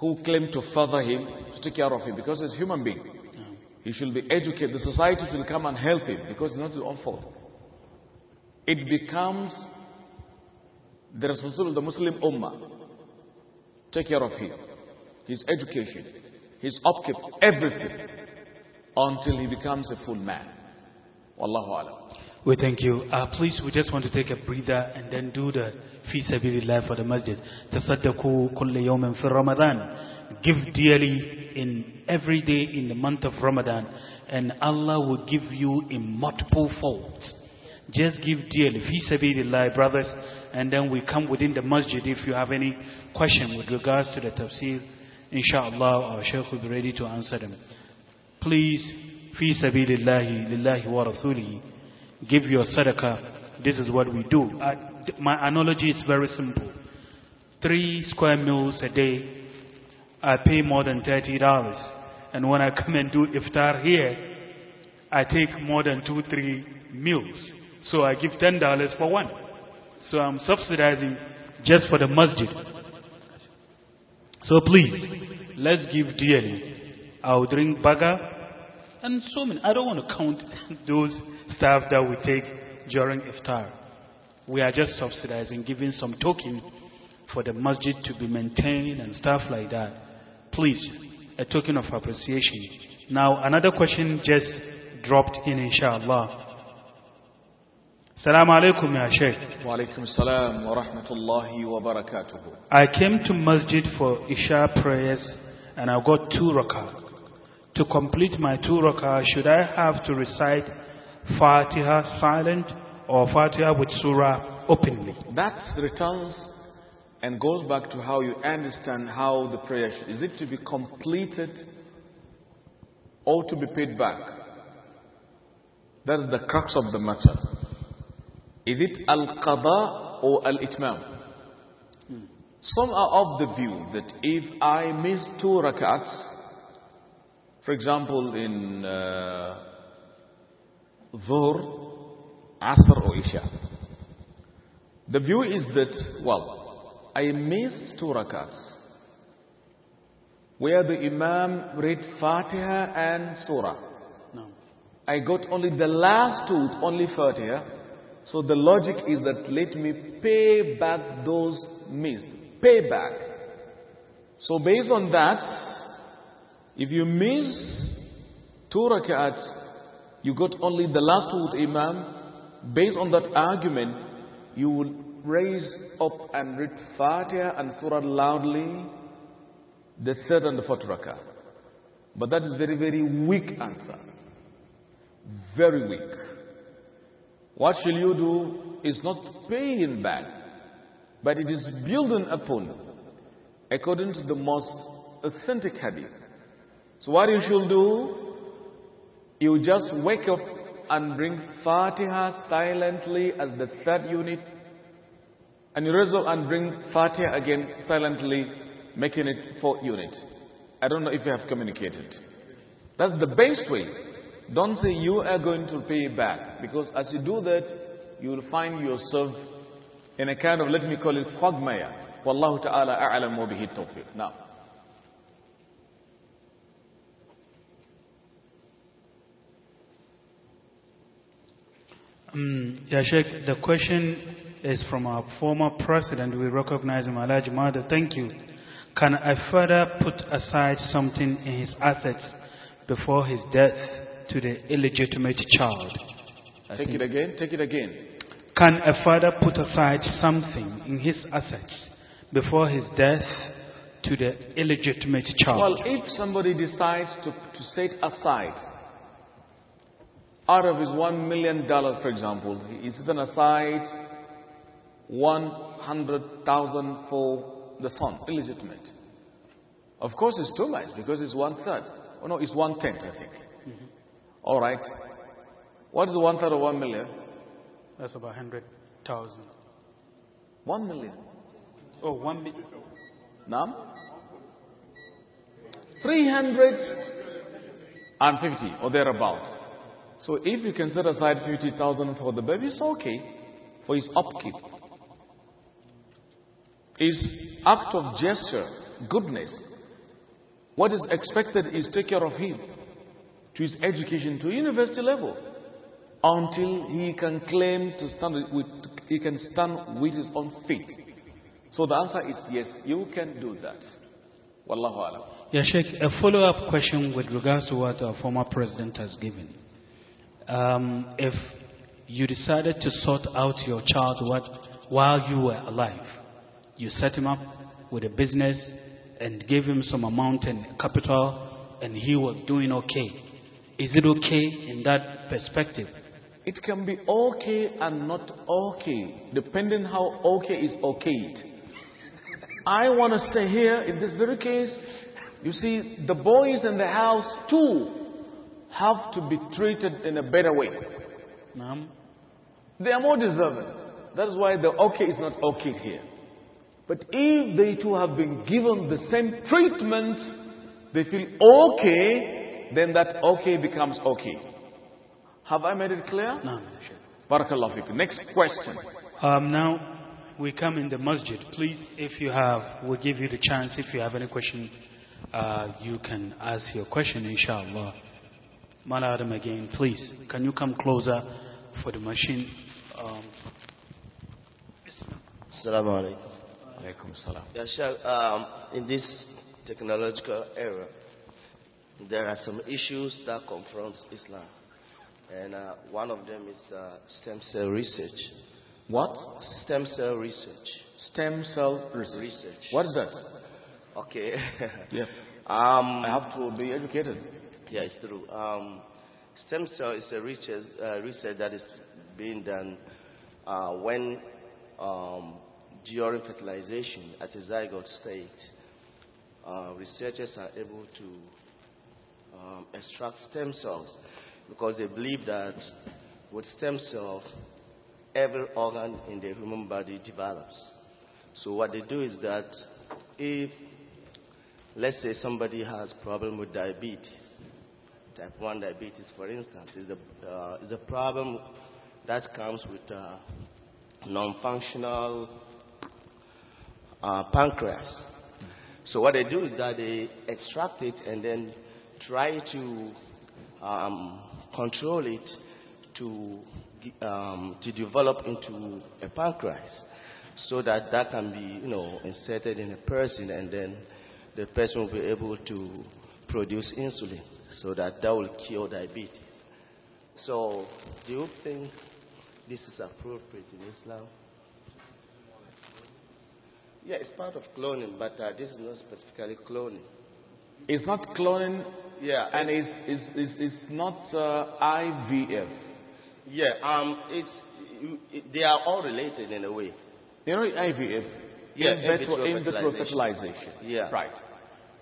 who claimed to father him, to take care of him, because he's a human being. He should be educated. The society should come and help him because it's not his own fault. It becomes the responsibility of the Muslim Ummah. Take care of him, his education, his upkeep, everything, until he becomes a full man. Wallahu alam. We thank you. Uh, please, we just want to take a breather and then do the fi sabilillah for the masjid. Tasaddaqu kull yawmin fi Ramadan. Give dearly in every day in the month of Ramadan and Allah will give you in multiple folds. Just give dearly fi sabilillah, brothers, and then we come within the masjid if you have any question with regards to the tafsir. Inshallah, our Shaykh will be ready to answer them. Please, fi sabilillahi, lillahi wa rasulihi, give your sadaqah. This is what we do. I, uh, my analogy is very simple. Three square meals a day, I pay more than $30. And when I come and do iftar here, I take more than two, three meals. So I give $10 for one. So I'm subsidizing just for the masjid. So please, let's give dearly. I'll drink baga and so many. I don't want to count those stuff that we take during iftar. We are just subsidizing, giving some token for the masjid to be maintained and stuff like that. Please, a token of appreciation. Now, another question just dropped in, inshallah. Assalamu Ya Sheikh. Wa wa rahmatullahi wa barakatuhu. I came to masjid for Isha prayers and I got two rakah. To complete my two rakah, should I have to recite Fatiha silent or Fatiha with surah openly? That returns and goes back to how you understand how the prayer should. Is it to be completed or to be paid back? That is the crux of the matter. Is it al-qada or al-itmam? Some are of the view that if I miss two rak'ats, for example in uh, Dhuhr, Asr or Isha, the view is that, well, I missed two rak'ats where the Imam read Fatiha and Surah. No. I got only the last two, only Fatiha so the logic is that let me pay back those missed. Pay back. So based on that, if you miss two rak'ats, you got only the last two with Imam. Based on that argument, you will raise up and read Fatiha and Surah loudly, the third and the fourth rak'ah. But that is very, very weak answer. Very weak. What shall you do is not paying back, but it is building upon, according to the most authentic hadith. So what you should do, you just wake up and bring Fatiha silently as the third unit, and you resolve and bring Fatiha again silently, making it fourth unit. I don't know if you have communicated. That's the best way. Don't say you are going to pay back because as you do that, you will find yourself in a kind of, let me call it, quagmire. Wallahu ta'ala a'lam wa bihi tawfiq. Now. Mm, Sheikh, the question is from our former president. We recognize him, Alaj Mada. Thank you. Can a father put aside something in his assets before his death? to the illegitimate child. I take it again, take it again. Can a father put aside something in his assets before his death to the illegitimate child? Well, if somebody decides to, to set aside out of his one million dollars, for example, he's setting aside one hundred thousand for the son, illegitimate. Of course, it's too much because it's one third. Oh no, it's one tenth, I think. Mm -hmm. All right. What is one third of one million? That's about 100,000. One million? Oh, one million. Nam? 350 or thereabout. So if you can set aside 50,000 for the baby, it's okay for his upkeep. His act of gesture, goodness. What is expected is take care of him his education to university level until he can claim to stand with, he can stand with his own feet. So the answer is yes, you can do that. Wallahu alam. Yeah, Sheikh, a follow up question with regards to what our former president has given. Um, if you decided to sort out your child what, while you were alive, you set him up with a business and gave him some amount and capital, and he was doing okay is it okay in that perspective? It can be okay and not okay, depending how okay is okayed. I want to say here, in this very case, you see, the boys in the house too have to be treated in a better way. Ma'am. They are more deserving. That is why the okay is not okay here. But if they too have been given the same treatment, they feel okay then that okay becomes okay. Have I made it clear? No, Barakallahu fiqh. Next question. Um, now, we come in the masjid. Please, if you have, we'll give you the chance. If you have any question, uh, you can ask your question, inshallah. Mala again, please. Can you come closer for the machine? Um, Assalamu alaikum. salam. Shah, um, in this technological era, there are some issues that confront Islam. And uh, one of them is uh, stem cell research. What? Stem cell research. Stem cell research. research. What is that? Okay. yeah. Um, I have to be educated. Yeah, it's true. Um, stem cell is a research, uh, research that is being done uh, when um, during fertilization at the zygote state, uh, researchers are able to um, extract stem cells because they believe that with stem cells, every organ in the human body develops. So what they do is that if, let's say somebody has problem with diabetes, type 1 diabetes, for instance, is a, uh, is a problem that comes with a uh, non-functional uh, pancreas. So what they do is that they extract it and then try to um, control it to, um, to develop into a pancreas so that that can be, you know, inserted in a person and then the person will be able to produce insulin so that that will cure diabetes. So do you think this is appropriate in Islam? Yeah, it's part of cloning, but uh, this is not specifically cloning. It's not cloning. Yeah. And it's, it's, it's, it's not uh, IVF. Yeah. Um, it's, they are all related in a way. You know, IVF? Yeah, in vitro, in vitro fertilization. Yeah. Right.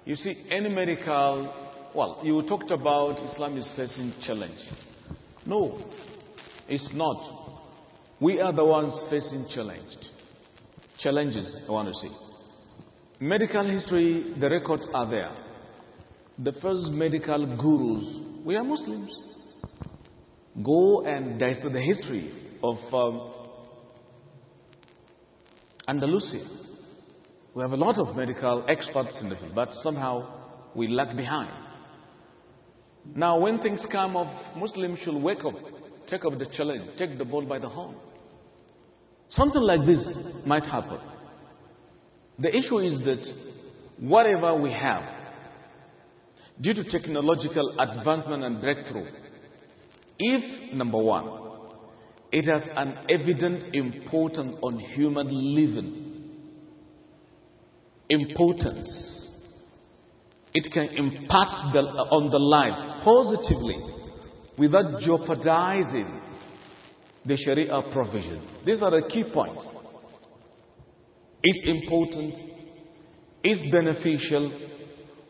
You see, any medical, well, you talked about Islam is facing challenge. No, it's not. We are the ones facing challenge. Challenges, I want to say. Medical history, the records are there the first medical gurus We are Muslims. Go and dissect the history of um, Andalusia. We have a lot of medical experts in the field, but somehow we lag behind. Now, when things come up, Muslims should wake up, take up the challenge, take the ball by the horn. Something like this might happen. The issue is that whatever we have, due to technological advancement and breakthrough, if, number one, it has an evident importance on human living, importance, it can impact the, on the life positively without jeopardizing the Sharia provision. These are the key points. It's important, it's beneficial,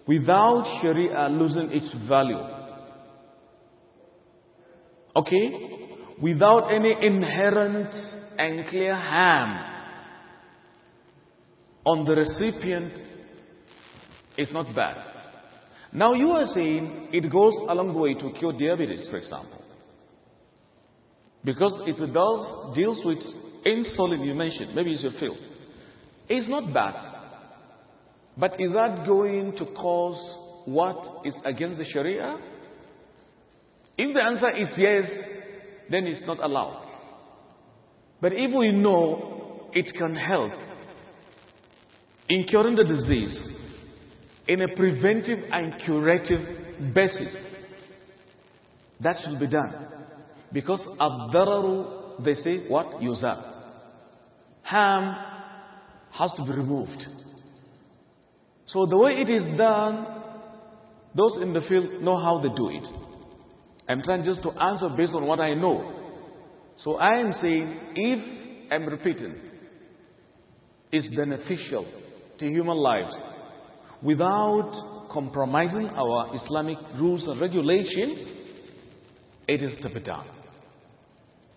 without Sharia losing its value. Okay? Without any inherent and clear harm on the recipient it's not bad. Now you are saying it goes a long way to cure diabetes, for example. Because it does deals with insulin you mentioned, maybe it's your field. It's not bad. But is that going to cause what is against the Sharia? If the answer is yes, then it's not allowed. But if we know it can help in curing the disease in a preventive and curative basis, that should be done. Because abdararu, they say, what? Yuzar. Harm has to be removed. So the way it is done, those in the field know how they do it. I'm trying just to answer based on what I know. So I am saying, if I'm repeating, it's beneficial to human lives without compromising our Islamic rules and regulations. it is to be done.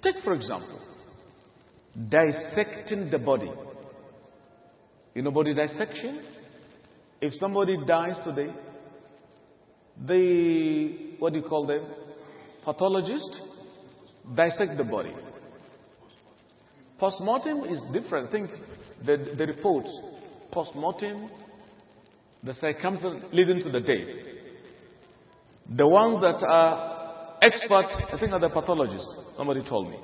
Take, for example, dissecting the body. You know body dissection? If somebody dies today, the, what do you call them? Pathologist dissect the body. Postmortem is different. Think the, the reports. Postmortem, the circumstances leading to the death. The ones that are experts, I think are the pathologists, somebody told me.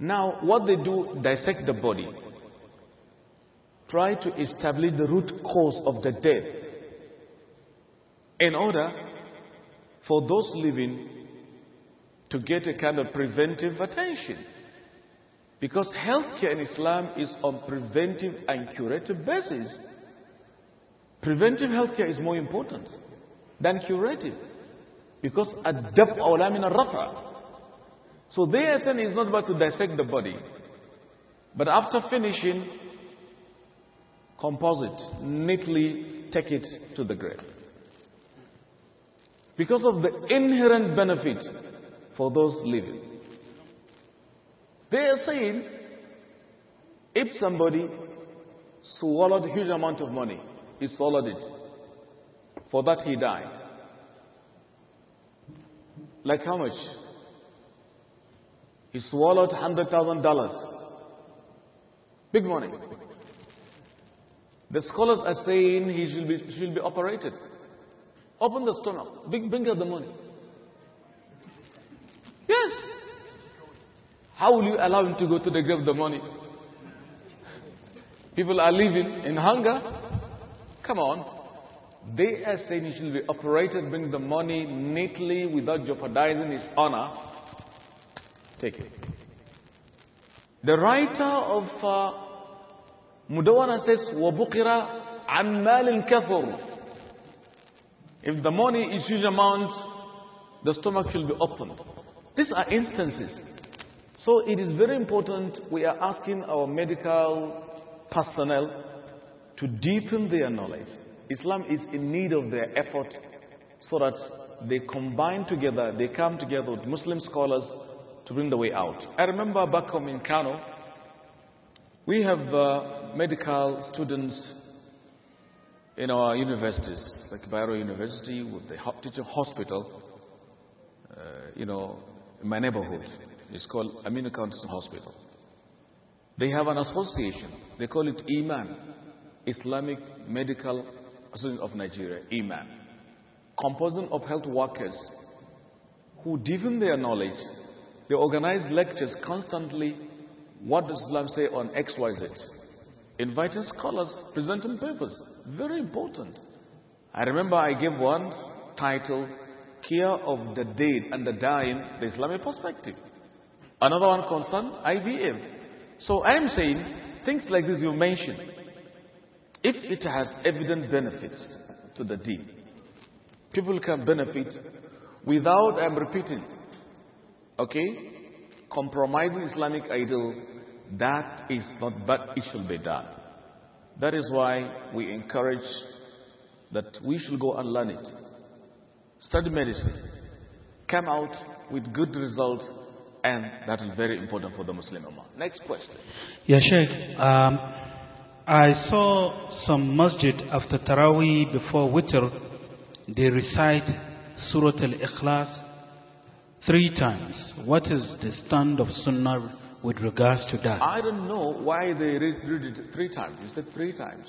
Now, what they do, dissect the body try to establish the root cause of the death in order for those living to get a kind of preventive attention. Because healthcare in Islam is on preventive and curative basis. Preventive healthcare is more important than curative. Because adab awlamina rafa. So their essence is not about to dissect the body. But after finishing, compose it, neatly take it to the grave. Because of the inherent benefit for those living. They are saying if somebody swallowed a huge amount of money, he swallowed it. For that he died. Like how much? He swallowed $100,000. Big money. The scholars are saying he should be, should be operated. Open the stomach. Bring, bring out the money. Yes. How will you allow him to go to the grave with the money? People are living in hunger. Come on. They are saying he should be operated, bring the money neatly without jeopardizing his honor. Take it. The writer of uh, Mudawana says, وَبُقِرَ عَنْ malin كَفُرٍ If the money is huge amount, the stomach will be opened. These are instances. So it is very important we are asking our medical personnel to deepen their knowledge. Islam is in need of their effort so that they combine together, they come together with Muslim scholars to bring the way out. I remember back home in Kano, we have uh, medical students in our universities, like Bayero University, with the hospital, uh, you know, in my neighborhood. It's called Aminu Counseling Hospital. They have an association. They call it Iman, Islamic Medical Association of Nigeria, Iman, composing of health workers who deepen their knowledge. They organize lectures constantly what does Islam say on XYZ? Inviting scholars, presenting papers. Very important. I remember I gave one title, Care of the Dead and the Dying, the Islamic Perspective. Another one concerned IVF. So I am saying things like this you mentioned, if it has evident benefits to the deen, people can benefit without, I'm repeating, okay, compromising Islamic ideal, that is not bad, it should be done. That is why we encourage that we should go and learn it. Study medicine. Come out with good results, and that is very important for the Muslim Ummah. Next question. Yeah, Sheikh. Um, I saw some masjid after Taraweeh before Witr, they recite Surah Al Ikhlas three times. What is the stand of Sunnah with regards to that? I don't know why they read it three times. You said three times.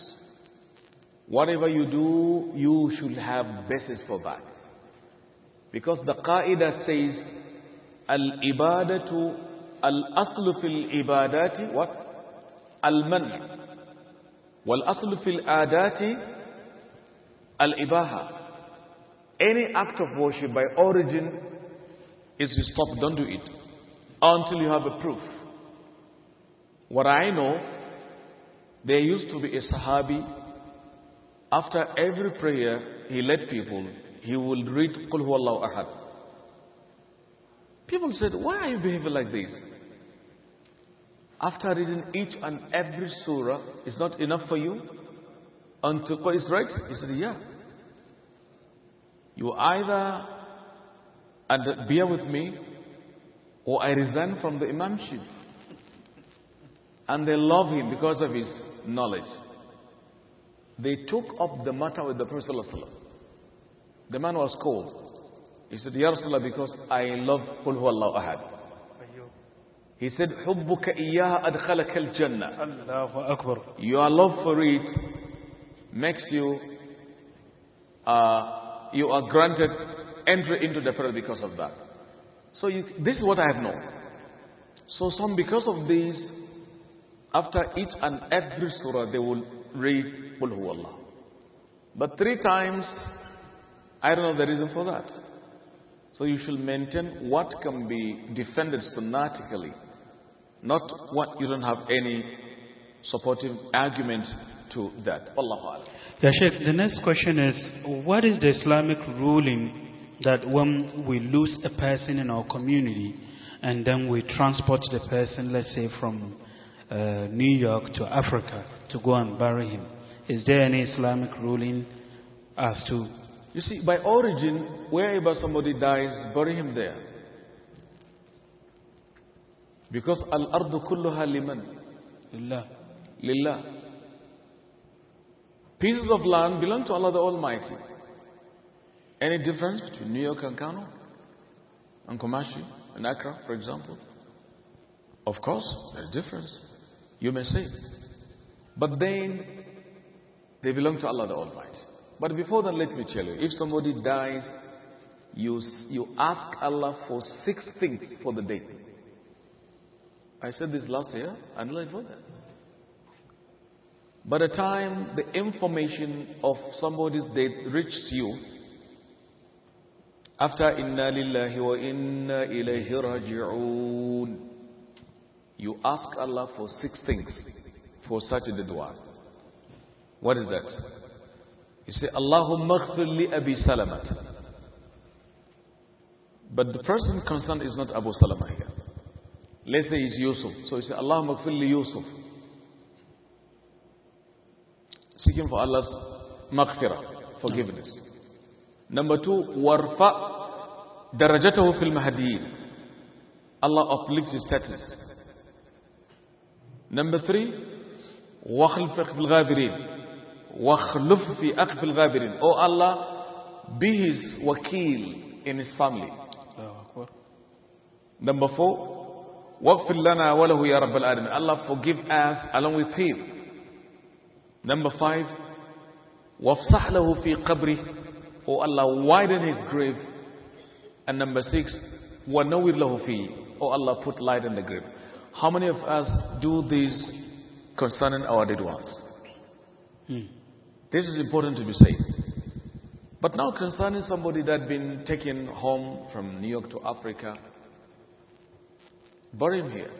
Whatever you do, you should have basis for that. Because the Qaeda says, Al-ibadatu, al-aslu fil-ibadati, what? Al-man' wal-aslu fil-adati, al-ibaha. Any act of worship by origin is to stop, don't do it until you have a proof. What I know, there used to be a Sahabi, after every prayer he led people, he would read Qul Huwallahu Ahad. People said, Why are you behaving like this? After reading each and every surah, is not enough for you? Until is right? He said, Yeah. You either and bear with me, or I resign from the imamship. And they love him because of his knowledge. They took up the matter with the Prophet. The man was called. He said, Ya Rasulullah, because I love Qul Huwallahu Ahad. He said, حُبُّكَ إِيَّاهَا أَدْخَلَكَ الْجَنَّةِ الله أكبر. Your love for it makes you, uh, you are granted enter into the prayer because of that. So you, this is what I have known. So some, because of this, after each and every surah, they will read Qul Allah. But three times, I don't know the reason for that. So you should maintain what can be defended sunnatically, not what you don't have any supportive argument to that. the next question is what is the Islamic ruling that when we lose a person in our community and then we transport the person, let's say from uh, New York to Africa to go and bury him, is there any Islamic ruling as to? You see, by origin, wherever somebody dies, bury him there. Because al ardu kulluha liman? Lillah. Lillah. Pieces of land belong to Allah the Almighty. Any difference between New York and Kano and Komashi and Accra, for example? Of course, there's a difference. You may say. But then they belong to Allah the Almighty. But before that, let me tell you if somebody dies, you, you ask Allah for six things for the day. I said this last year, and I for that. By the time the information of somebody's death reaches you, after Inna Lillahi wa Inna Ilayhi Raji'un, you ask Allah for six things for such a dua. What is that? You say, Allahumma ghfir li Abi Salamat. But the person concerned is not Abu Salamah here. Let's say it's Yusuf. So you say, Allahumma ghfir li Yusuf. Seeking for Allah's maghfirah, forgiveness. نمبر تو وارفع درجته في المهديين الله أبليكس ستاتس نمبر ثري واخلف في الغابرين واخلف في أقف الغابرين أو الله be his وكيل in his family نمبر فور واغفر لنا وله يا رب العالمين الله forgive us along with him نمبر فايف وافصح له في قبره Oh Allah, widen his grave. And number six, وَنَوِّرْ لَهُ فِيهِ Oh Allah, put light in the grave. How many of us do this concerning our dead ones? Hmm. This is important to be said. But now concerning somebody that been taken home from New York to Africa, bury him here.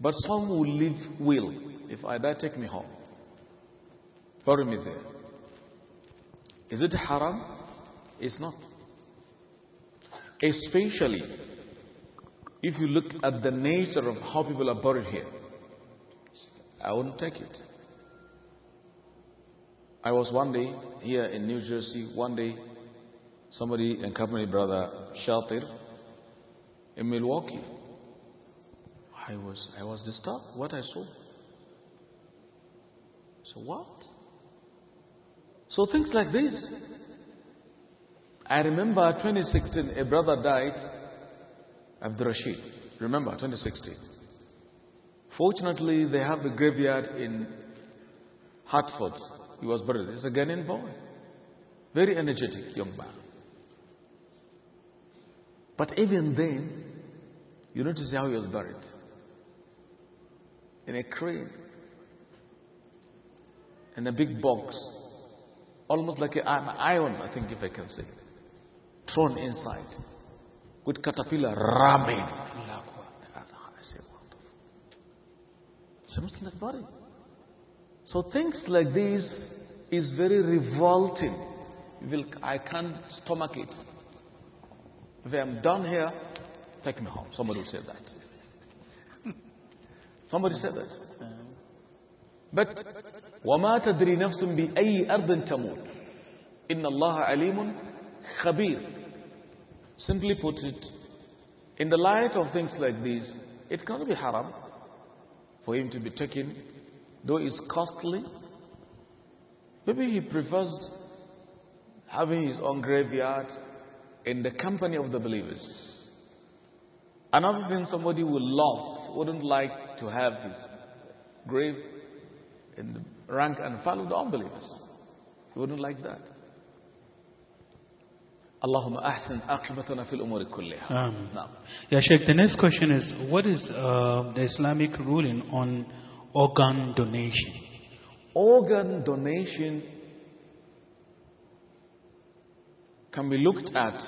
But some will leave will. If I die, take me home. Bury me there. Is it haram? It's not. Especially if you look at the nature of how people are buried here. I wouldn't take it. I was one day here in New Jersey, one day somebody and company Brother Shatir in Milwaukee. I was, I was disturbed what I saw. So what? So things like this. I remember 2016, a brother died, Abdul Rashid. Remember 2016. Fortunately, they have a graveyard in Hartford. He was buried. He's a Ghanaian boy, very energetic young man. But even then, you notice how he was buried in a crane, in a big box almost like an iron, I think, if I can say, thrown inside with caterpillar ramming. must not worry. So things like this is very revolting. I can't stomach it. If I'm done here, take me home. Somebody will say that. Somebody said that. But وما تدري نفس بأي أرض تموت إن الله عليم خبير Simply put it, in the light of things like these, it cannot be haram for him to be taken, though it's costly. Maybe he prefers having his own graveyard in the company of the believers. Another thing somebody will love, wouldn't like to have his grave in the rank and file of the unbelievers. You wouldn't like that. اللهم أحسن عاقبتنا في الأمور كلها. the next question is what is uh, the Islamic ruling on organ donation? Organ donation can be looked at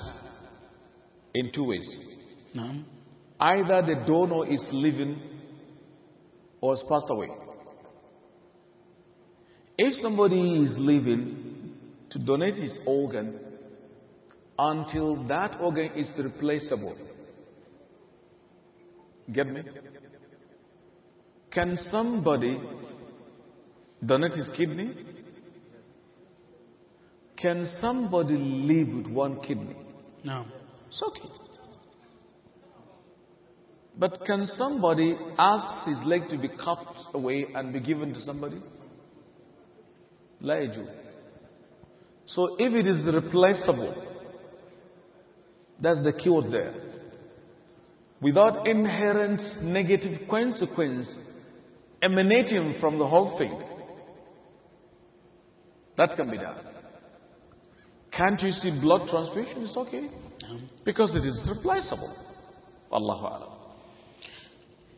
in two ways. Either the donor is living or has passed away. If somebody is living to donate his organ until that organ is replaceable, get me? Can somebody donate his kidney? Can somebody live with one kidney? No. It's okay. But can somebody ask his leg to be cut away and be given to somebody? La So if it is replaceable, that's the keyword there. Without inherent negative consequence emanating from the whole thing, that can be done. Can't you see blood transfusion? It's okay. Because it is replaceable. Allahu Alam.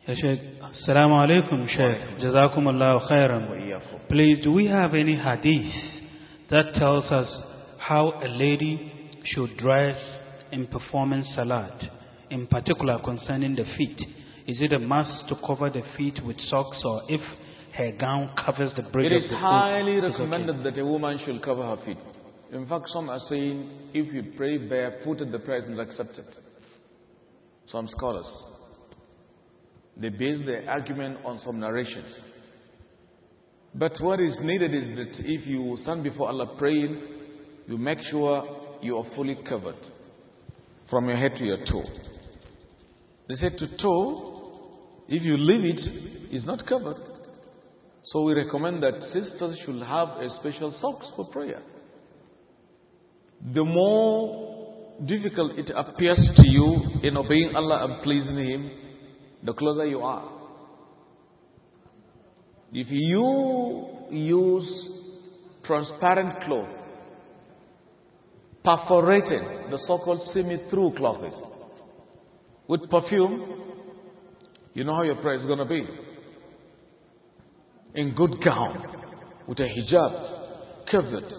Yeah, Sheikh, Assalamu alaikum, Sheikh. Jazakum khairan. Please, do we have any hadith that tells us how a lady should dress in performing salat, in particular concerning the feet? Is it a must to cover the feet with socks or if her gown covers the bridge It is highly foot, recommended okay. that a woman should cover her feet. In fact, some are saying if you pray barefooted, the prayer is not accepted. Some scholars. They base their argument on some narrations. But what is needed is that if you stand before Allah praying, you make sure you are fully covered from your head to your toe. They said to toe, if you leave it, it's not covered. So we recommend that sisters should have a special socks for prayer. The more difficult it appears to you in obeying Allah and pleasing Him, the closer you are. If you use transparent cloth, perforated, the so called semi through cloth is, with perfume, you know how your prayer is going to be. In good gown, with a hijab, covered,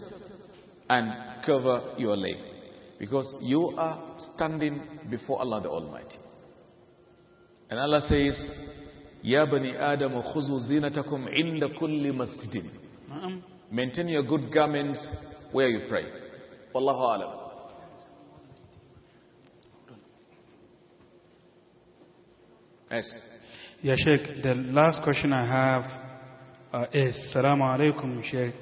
and cover your leg. Because you are standing before Allah the Almighty. And Allah says, Ya bani Adam khuzu zinatakum inda kulli masjidin. Maintain your good garments where you pray. Wallahu alam. Yes. Yeah, Sheikh, the last question I have uh, is Salaamu Alaikum, Sheikh.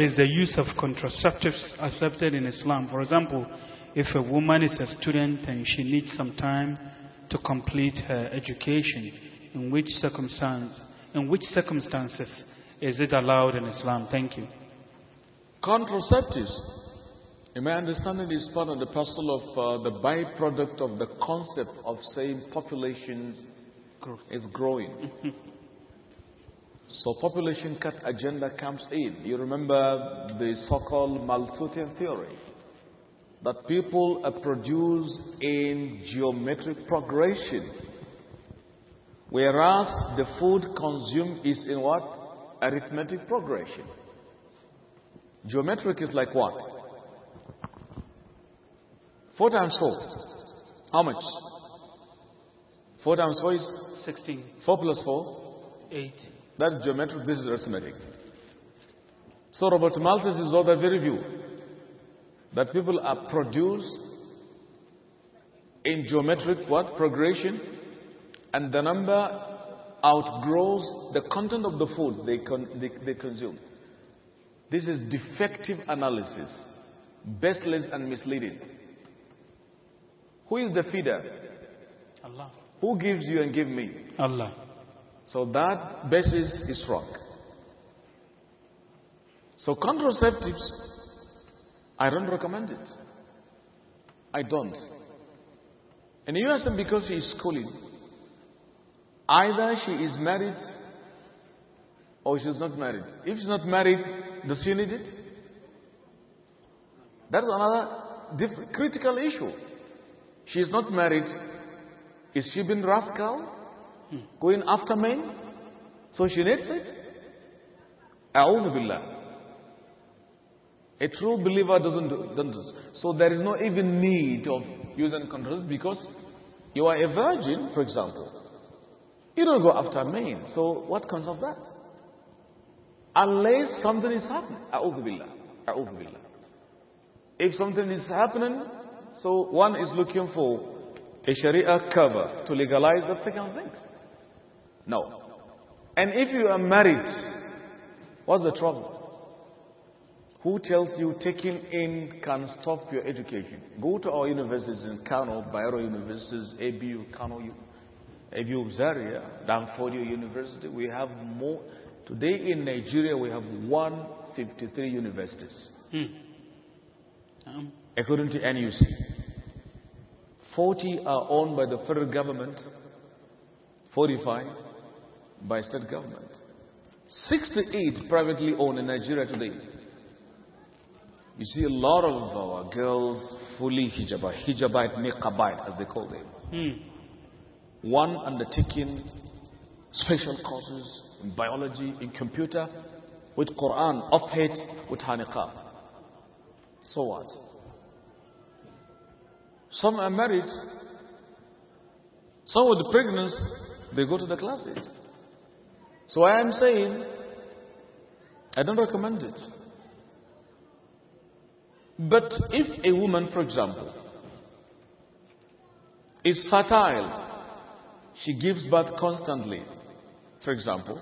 Is the use of contraceptives accepted in Islam? For example, if a woman is a student and she needs some time to complete her education? In which circumstance, in which circumstances is it allowed in Islam? Thank you. Contraceptives. In my understanding, is part of the parcel of uh, the byproduct of the concept of saying populations Growth. is growing. so population cut agenda comes in. You remember the so-called Malthusian theory that people are produced in geometric progression. Whereas the food consumed is in what? Arithmetic progression. Geometric is like what? Four times four. How much? Four times four is? Sixteen. Four plus four? Eight. That's geometric, this is arithmetic. So Robert Malthus is of that very view that people are produced in geometric what progression and the number outgrows the content of the food they, con they, they consume this is defective analysis baseless and misleading who is the feeder allah who gives you and give me allah so that basis is wrong so contraceptives I don't recommend it. I don't. And you ask him because she is schooling. Either she is married or she's not married. If she's not married, does she need it? That's another critical issue. She is not married. Is she being rascal? Hmm. Going after men? So she needs it? A'udhu billah. A true believer doesn't do, doesn't do this. So there is no even need of using condoms because you are a virgin, for example. You don't go after men. So what comes of that? Unless something is happening. If something is happening, so one is looking for a Sharia cover to legalize the second things. No. And if you are married, what's the trouble? Who tells you taking in can stop your education? Go to our universities in Kano, Bayero Universities, ABU, Kano, ABU Zaria, Danfodio University. We have more. Today in Nigeria, we have 153 universities. Hmm. Um. According to NUC, 40 are owned by the federal government, 45 by state government, 68 privately owned in Nigeria today. You see a lot of our uh, girls fully hijabah, hijabite, niqabite as they call them. Hmm. One undertaking special courses in biology, in computer, with Quran, off head, with haniqab. So what? Some are married. Some with the pregnancy, they go to the classes. So I am saying, I don't recommend it. But if a woman, for example, is fertile, she gives birth constantly, for example,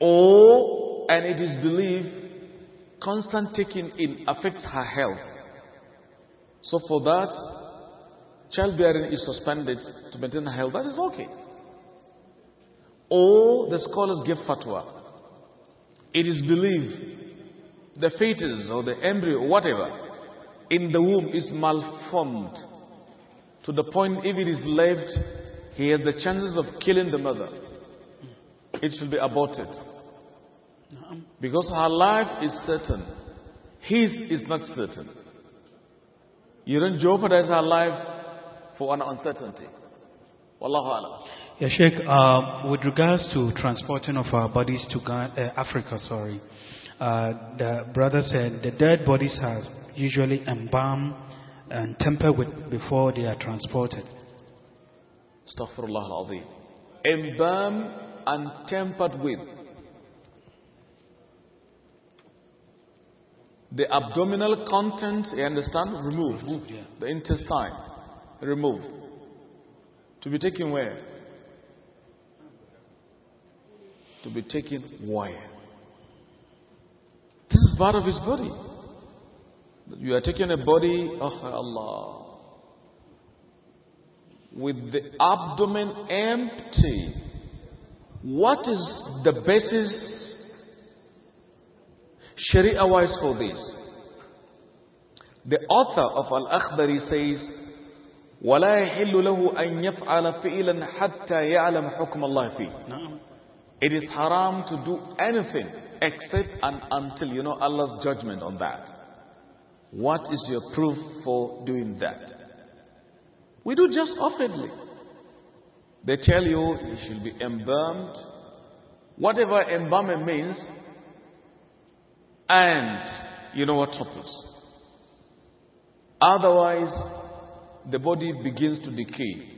or, and it is believed, constant taking in affects her health. So for that, childbearing is suspended to maintain her health. That is okay. Or the scholars give fatwa. It is believed the fetus or the embryo or whatever in the womb is malformed to the point if it is left, he has the chances of killing the mother. It should be aborted. Because her life is certain, his is not certain. You don't jeopardize her life for an uncertainty. Wallahu alam. Yeah, Sheikh, uh, with regards to transporting of our bodies to Ga uh, Africa, sorry, uh, the brother said the dead bodies are usually embalmed and tempered with before they are transported. Astaghfirullah al Embalmed and tempered with. The abdominal contents. you understand, removed. removed yeah. The intestine, removed. To be taken where? To be taken where? part of his body. You are taking a body, oh Allah, with the abdomen empty. What is the basis Sharia wise for this? The author of Al Akhbari says, ولا يحل له أن يفعل فعلا حتى يعلم حكم الله فيه. It is haram to do anything except and until you know Allah's judgment on that. What is your proof for doing that? We do just openly. They tell you you should be embalmed, whatever embalming means, and you know what happens. Otherwise, the body begins to decay.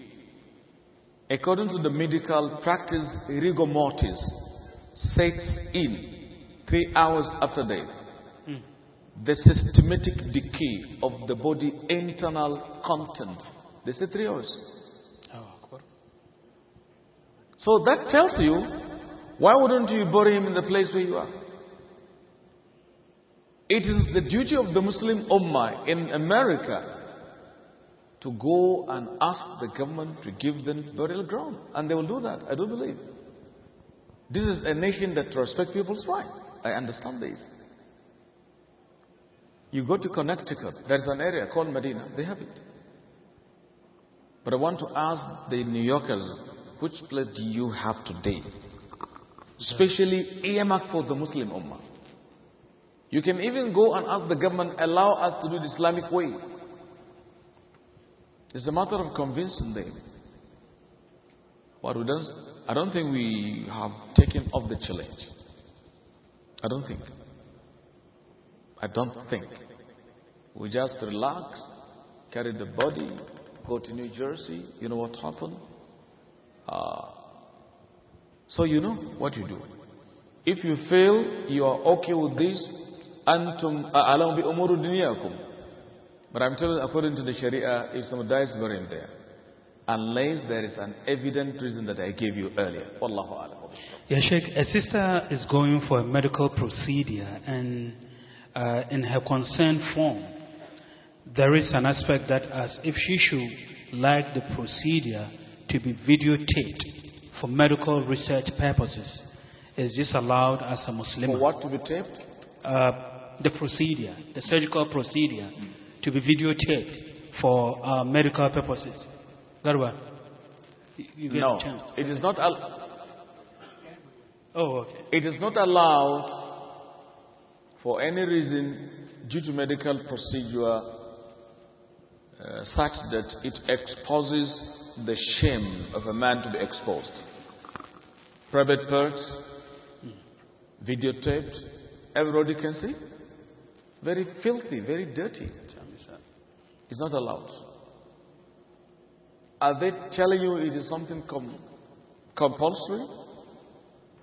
According to the medical practice, rigor mortis sets in three hours after death, mm. the systematic decay of the body internal content. They say three hours. so that tells you why wouldn't you bury him in the place where you are? It is the duty of the Muslim Ummah in America to go and ask the government to give them burial ground. And they will do that, I do believe. This is a nation that respects people's rights. I understand this. You go to Connecticut, there's an area called Medina, they have it. But I want to ask the New Yorkers, which place do you have today? Especially earmarked for the Muslim Ummah. You can even go and ask the government, allow us to do the Islamic way. It's a matter of convincing them. But we don't, I don't think we have taken up the challenge. I don't think. I don't think. We just relax, carry the body, go to New Jersey. You know what happened? Uh, so you know what you do. If you fail, you are okay with this. Uh, but I'm telling according to the Sharia, if someone dies, buried there. Unless there is an evident reason that I gave you earlier. Wallahu alam. Yes, Sheikh, a sister is going for a medical procedure, and uh, in her consent form, there is an aspect that as if she should like the procedure to be videotaped for medical research purposes. Is this allowed as a Muslim? For what to be taped? Uh, the procedure, the surgical procedure, mm. to be videotaped for uh, medical purposes. Garwa, you, no, it is not. Al- Oh, okay. It is not allowed for any reason due to medical procedure uh, such that it exposes the shame of a man to be exposed. Private parts, videotaped, everybody can see. Very filthy, very dirty. It's not allowed. Are they telling you it is something com compulsory?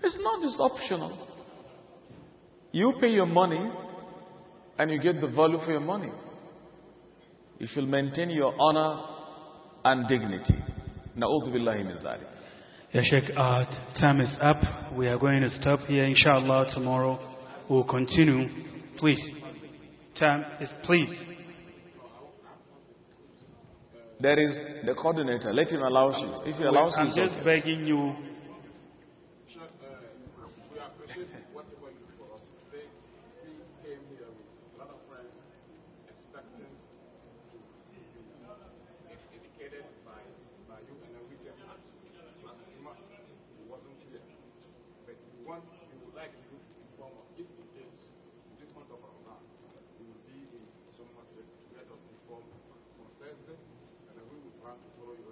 It's not, just optional. You pay your money and you get the value for your money. You should maintain your honor and dignity. Na'udhu billahi min Sheikh, our uh, time is up. We are going to stop here. Inshallah, tomorrow we'll continue. Please. Time is please. There is the coordinator. Let him allow you. If he allows Wait, I'm you, I'm just okay. begging you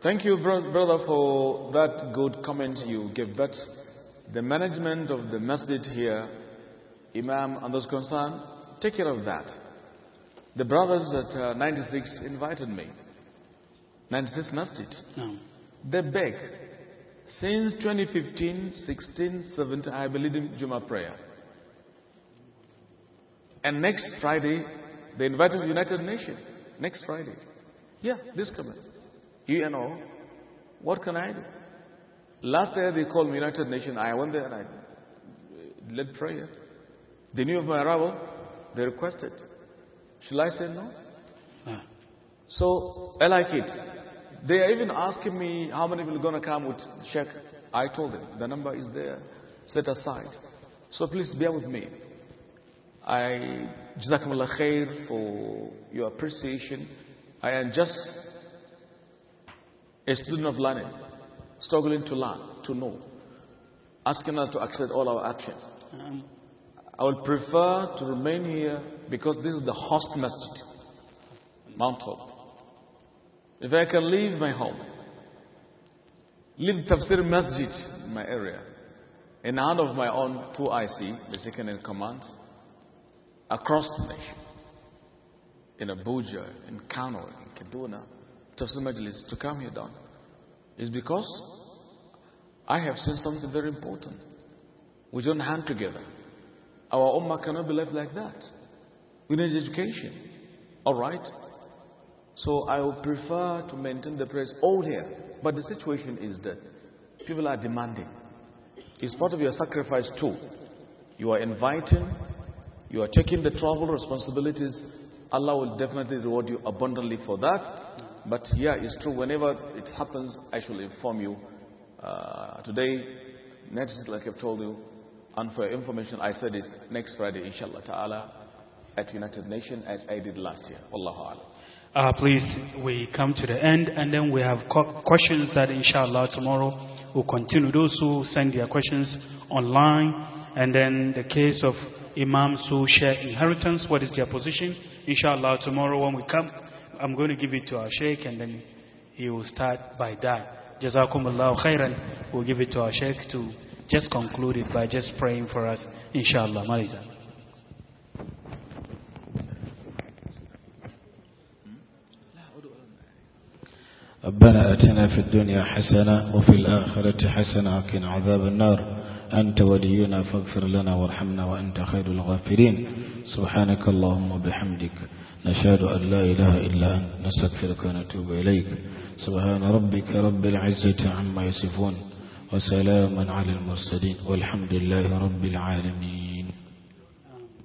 Thank you, brother, for that good comment you gave. But the management of the masjid here, Imam and those concerned, take care of that. The brothers at uh, 96 invited me. 96 masjid. No. They beg. Since 2015, 16, 17, I believe in Juma prayer. And next Friday, they invited United Nations. Next Friday. Yeah, this coming. You know, what can I do? Last year they called me United Nations. I went there and I uh, led prayer. They knew of my arrival. They requested. Shall I say no? no. Ah. So I like it. They are even asking me how many people are going to come with check. I told them the number is there, set aside. So please bear with me. I jazakumullah khair for your appreciation. I am just a student of learning, struggling to learn, to know, asking us to accept all our actions. Um, I would prefer to remain here because this is the host masjid, Mount Hope. If I can leave my home, leave Tafsir Masjid in my area, in hand of my own 2IC, the second in command, across the nation, in Abuja, in Kano, in Kaduna, Tafsir Majlis to come here down is because I have seen something very important. We don't hang together. Our ummah cannot be left like that. We need education. All right? So I would prefer to maintain the prayers all here. But the situation is that people are demanding. It's part of your sacrifice too. You are inviting, you are taking the travel responsibilities. Allah will definitely reward you abundantly for that. But yeah, it's true. Whenever it happens, I shall inform you. Uh, today, next, like I've told you, and for information, I said it next Friday, inshallah ta'ala, at United Nations as I did last year. Allahu Akbar. Uh, please, we come to the end, and then we have questions that, inshallah, tomorrow will continue. Those who send their questions online, and then the case of imams who share inheritance, what is their position? Inshallah, tomorrow when we come, I'm going to give it to our sheikh and then he will start by that. Jazakumullah khairan. We'll give it to our sheikh to just conclude it by just praying for us. Inshallah. Maliza. ربنا أتنا في الدنيا حسنة وفي الآخرة حسنة وقنا عذاب النار أنت ولينا فاغفر لنا وارحمنا وأنت خير الغافرين سبحانك اللهم وبحمدك نشهد أن لا إله إلا أنت نستغفرك ونتوب إليك سبحان ربك رب العزة عما يصفون وسلاما على المرسلين والحمد لله رب العالمين